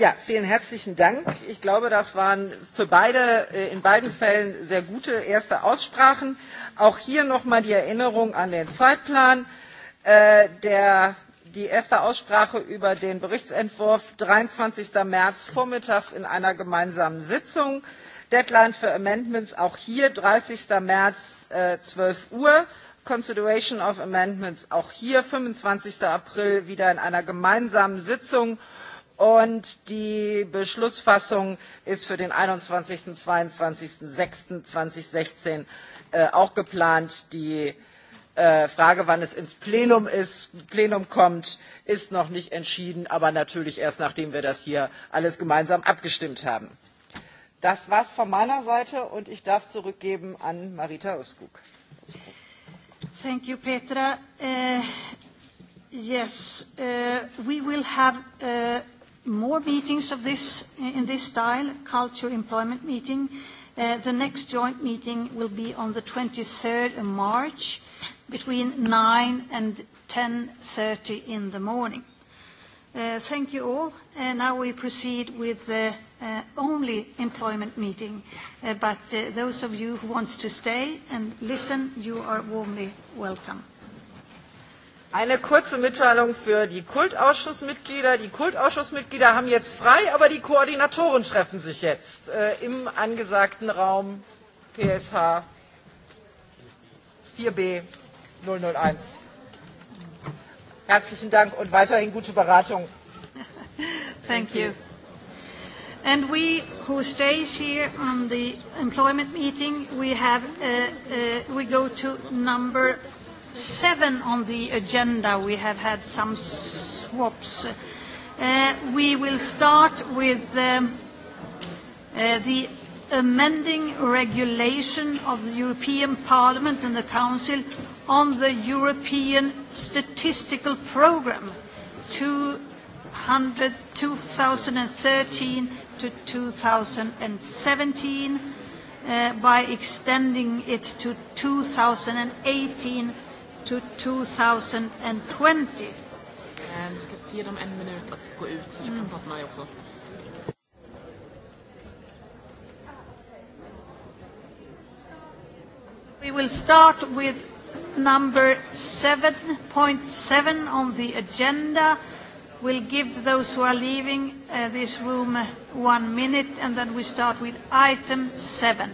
Speaker 1: Ja, vielen herzlichen Dank. Ich glaube, das waren für beide, äh, in beiden Fällen sehr gute erste Aussprachen. Auch hier nochmal die Erinnerung an den Zeitplan. Äh, der, die erste Aussprache über den Berichtsentwurf 23. März vormittags in einer gemeinsamen Sitzung. Deadline für Amendments auch hier 30. März 12 äh, Uhr. Consideration of Amendments auch hier 25. April wieder in einer gemeinsamen Sitzung und die Beschlussfassung ist für den 21. 22. 6. 2016 äh, auch geplant. Die äh, Frage, wann es ins Plenum, ist, Plenum kommt, ist noch nicht entschieden, aber natürlich erst, nachdem wir das hier alles gemeinsam abgestimmt haben. Das war's von meiner Seite und ich darf zurückgeben an Marita Uskuk.
Speaker 3: Thank you, Petra. Uh, yes, uh, we will have uh, more meetings of this in this style culture employment meeting uh, the next joint meeting will be on the 23rd of march between 9 and 10:30 in the morning uh, thank you all and uh, now we proceed with the uh, only employment meeting uh, but uh, those of you who wants to stay and listen you are warmly welcome
Speaker 1: Eine kurze Mitteilung für die Kultausschussmitglieder. Die Kultausschussmitglieder haben jetzt frei, aber die Koordinatoren treffen sich jetzt äh, im angesagten Raum PSH 4B 001. Herzlichen Dank und weiterhin gute Beratung. Thank you.
Speaker 3: And we who stays here on the employment meeting, we have uh, uh, we go to number seven on the agenda, we have had some swaps. Uh, we will start with um, uh, the amending regulation of the European Parliament and the Council on the European Statistical Programme, 2013 to 2017, uh, by extending it to 2018 to 2020. Eh, we will start with number 7.7 on the agenda. We'll give those who are leaving uh, this room uh, one minute and then we start with item 7.